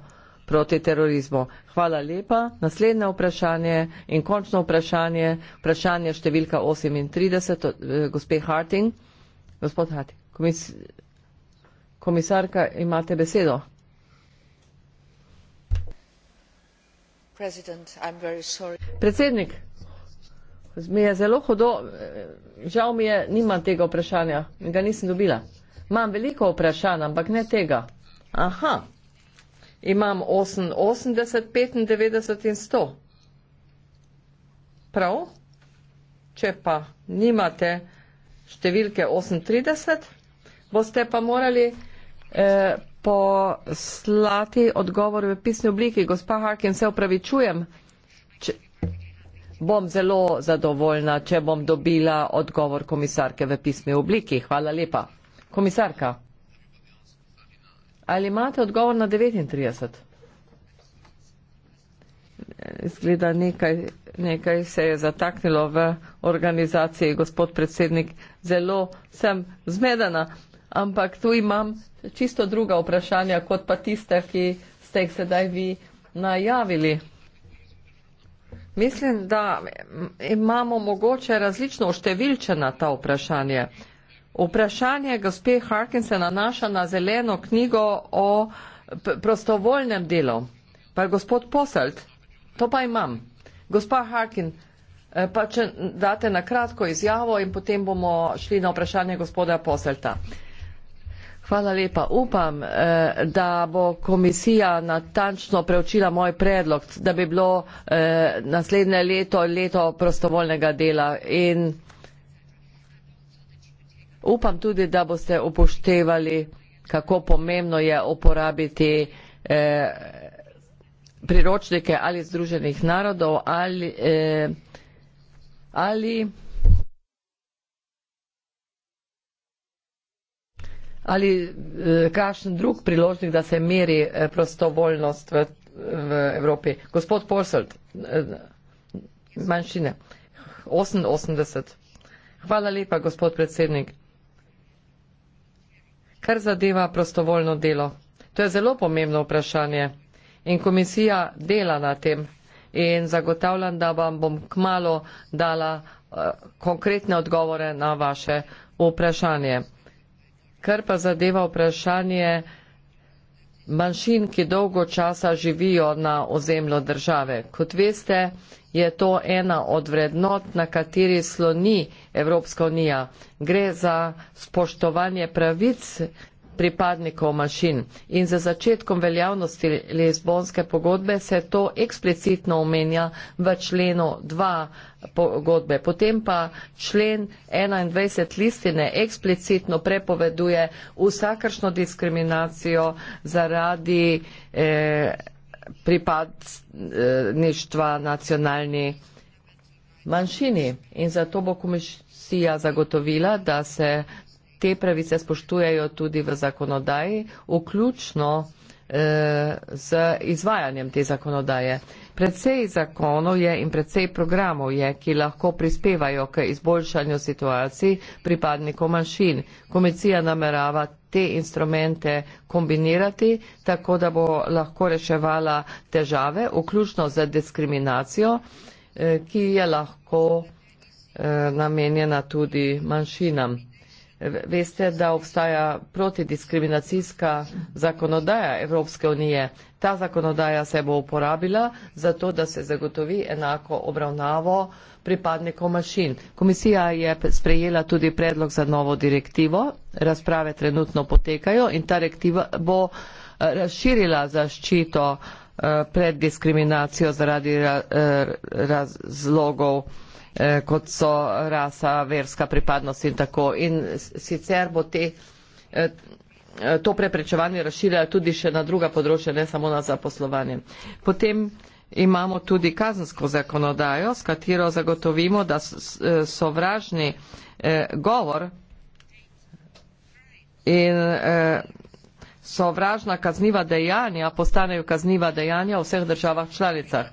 proti terorizmu. Hvala lepa. Naslednje vprašanje in končno vprašanje, vprašanje številka 38, eh, gospe Harting. Gospod Harting, komis komisarka, imate besedo. Predsednik, mi je zelo hodo, žal mi je, nimam tega vprašanja, ga nisem dobila. Imam veliko vprašanj, ampak ne tega. Aha, imam 88, 95 in 100. Prav, če pa nimate številke 38, boste pa morali eh, poslati odgovor v pisni obliki. Gospa Harkin, se opravičujem. Če, bom zelo zadovoljna, če bom dobila odgovor komisarke v pisni obliki. Hvala lepa. Komisarka, ali imate odgovor na 39? Izgleda nekaj, nekaj se je zataknilo v organizaciji, gospod predsednik. Zelo sem zmedena ampak tu imam čisto druga vprašanja, kot pa tiste, ki ste jih sedaj vi najavili. Mislim, da imamo mogoče različno oštevilčena ta vprašanje. Vprašanje gospe Harkin se nanaša na zeleno knjigo o prostovoljnem delu. Pa gospod Poselt, to pa imam. Gospa Harkin, eh, pa če date na kratko izjavo in potem bomo šli na vprašanje gospoda Poselta. Hvala lepa. Upam, eh, da bo komisija natančno preučila moj predlog, da bi bilo eh, naslednje leto leto prostovoljnega dela. In upam tudi, da boste upoštevali, kako pomembno je uporabiti eh, priročnike ali Združenih narodov ali, ali ali eh, kakšen drug priložnik, da se meri eh, prostovoljnost v, v Evropi. Gospod Porselt, eh, manjšine, 88. Hvala lepa, gospod predsednik. Kar zadeva prostovoljno delo, to je zelo pomembno vprašanje in komisija dela na tem in zagotavljam, da vam bom kmalo dala uh, konkretne odgovore na vaše vprašanje. Kar pa zadeva vprašanje manjšin, ki dolgo časa živijo na ozemlju države. Kot veste, je to ena od vrednot, na kateri sloni Evropska unija. Gre za spoštovanje pravic pripadnikov manjšin. In za začetkom veljavnosti Lizbonske pogodbe se to eksplicitno omenja v členu 2 pogodbe. Potem pa člen 21 listine eksplicitno prepoveduje vsakršno diskriminacijo zaradi eh, pripadništva eh, nacionalni manjšini. In zato bo komisija zagotovila, da se te pravice spoštujejo tudi v zakonodaji, vključno eh, z izvajanjem te zakonodaje. Predvsej zakonov je in predvsej programov je, ki lahko prispevajo k izboljšanju situacij pripadnikov manjšin. Komisija namerava te instrumente kombinirati, tako da bo lahko reševala težave, vključno z diskriminacijo, eh, ki je lahko eh, namenjena tudi manjšinam. Veste, da obstaja protidiskriminacijska zakonodaja Evropske unije, Ta zakonodaja se bo uporabila za to, da se zagotovi enako obravnavo pripadnikov mašin. Komisija je sprejela tudi predlog za novo direktivo, razprave trenutno potekajo in ta direktiva bo eh, razširila zaščito eh, pred diskriminacijo zaradi eh, razlogov kot so rasa, verska pripadnost in tako. In sicer bo te Eh, to preprečevanje razširja tudi še na druga področja, ne samo na zaposlovanje. Potem imamo tudi kazensko zakonodajo, s katero zagotovimo, da eh, sovražni eh, govor in sovražna kazniva dejanja postanejo kazniva dejanja v vseh državah članicah.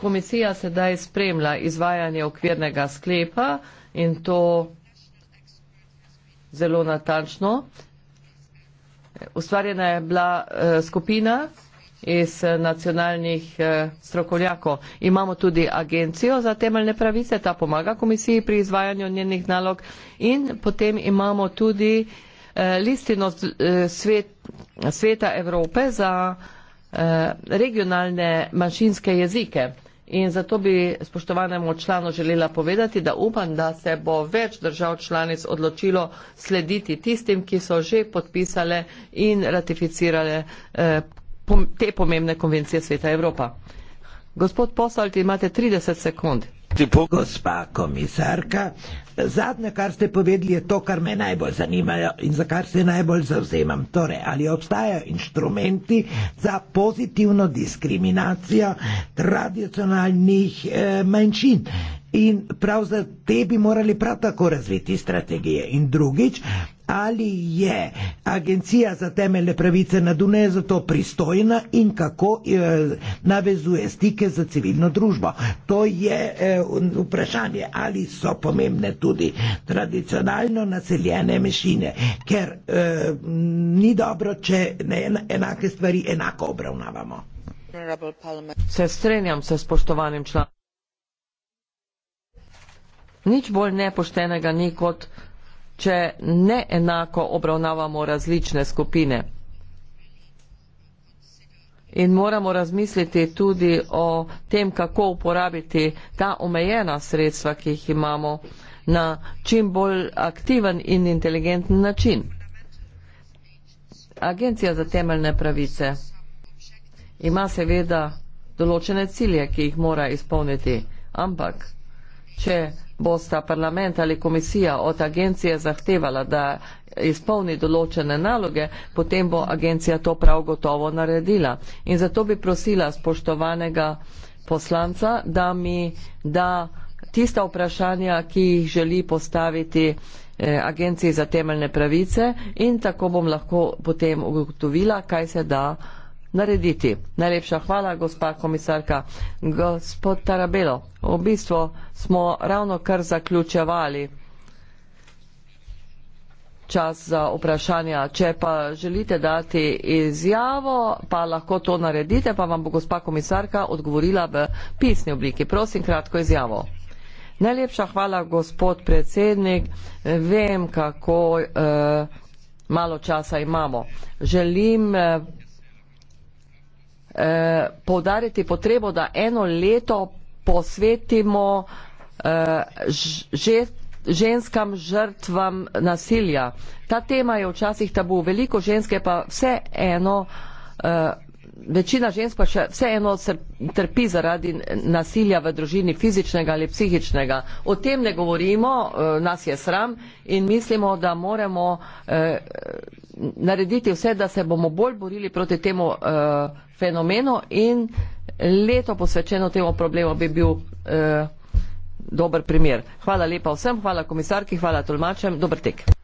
Komisija sedaj spremlja izvajanje okvirnega sklepa in to zelo natančno ustvarjena je bila eh, skupina iz eh, nacionalnih eh, strokovnjakov. Imamo tudi agencijo za temeljne pravice, ta pomaga komisiji pri izvajanju njenih nalog in potem imamo tudi listino svet, Sveta Evrope za regionalne manjšinske jezike. In zato bi spoštovanemu članu želela povedati, da upam, da se bo več držav članic odločilo slediti tistim, ki so že podpisale in ratificirale eh, te pomembne konvencije Sveta Evropa. Gospod Posalt, imate 30 sekund. Gospa komisarka, Zadnje, kar ste povedali, je to, kar me najbolj zanima in za kar se najbolj zavzemam. Torej, ali obstajajo inštrumenti za pozitivno diskriminacijo tradicionalnih eh, manjšin? In prav za te bi morali prav tako razviti strategije. In drugič, ali je Agencija za temeljne pravice na Duneju za to pristojna in kako eh, navezuje stike za civilno družbo. To je eh, vprašanje, ali so pomembne tukaj tudi tradicionalno naseljene mešine, ker eh, ni dobro, če ne enake stvari enako obravnavamo. Se strenjam se spoštovanim članom. Nič bolj nepoštenega ni kot, če ne enako obravnavamo različne skupine. In moramo razmisliti tudi o tem, kako uporabiti ta omejena sredstva, ki jih imamo. Uh, na čim bolj aktiven in inteligenten način. Agencija za temeljne pravice ima seveda določene cilje, ki jih mora izpolniti, ampak če bosta parlament ali komisija od agencije zahtevala, da izpolni določene naloge, potem bo agencija to prav gotovo naredila. In zato bi prosila spoštovanega poslanca, da mi da tista vprašanja, ki jih želi postaviti eh, Agenciji za temeljne pravice in tako bom lahko potem ugotovila, kaj se da narediti. Najlepša hvala, gospa komisarka. Gospod Tarabelo, v bistvu smo ravno kar zaključevali čas za vprašanja. Če pa želite dati izjavo, pa lahko to naredite, pa vam bo gospa komisarka odgovorila v pisni obliki. Prosim, kratko izjavo. Najlepša hvala, gospod predsednik. Vem, kako eh, malo časa imamo. Želim eh, eh povdariti potrebo, da eno leto posvetimo eh, že ženskam žrtvam nasilja. Ta tema je včasih tabu. Veliko ženske pa vse eno. Eh, večina žensk pa še vseeno trpi zaradi nasilja v družini fizičnega ali psihičnega. O tem ne govorimo, eh, nas je sram in mislimo, da moramo eh, narediti vse, da se bomo bolj borili proti temu eh, fenomenu in leto posvečeno temu problemu bi bil dober primer. Hvala lepa vsem, hvala komisarki, hvala tolmačem, dober tek.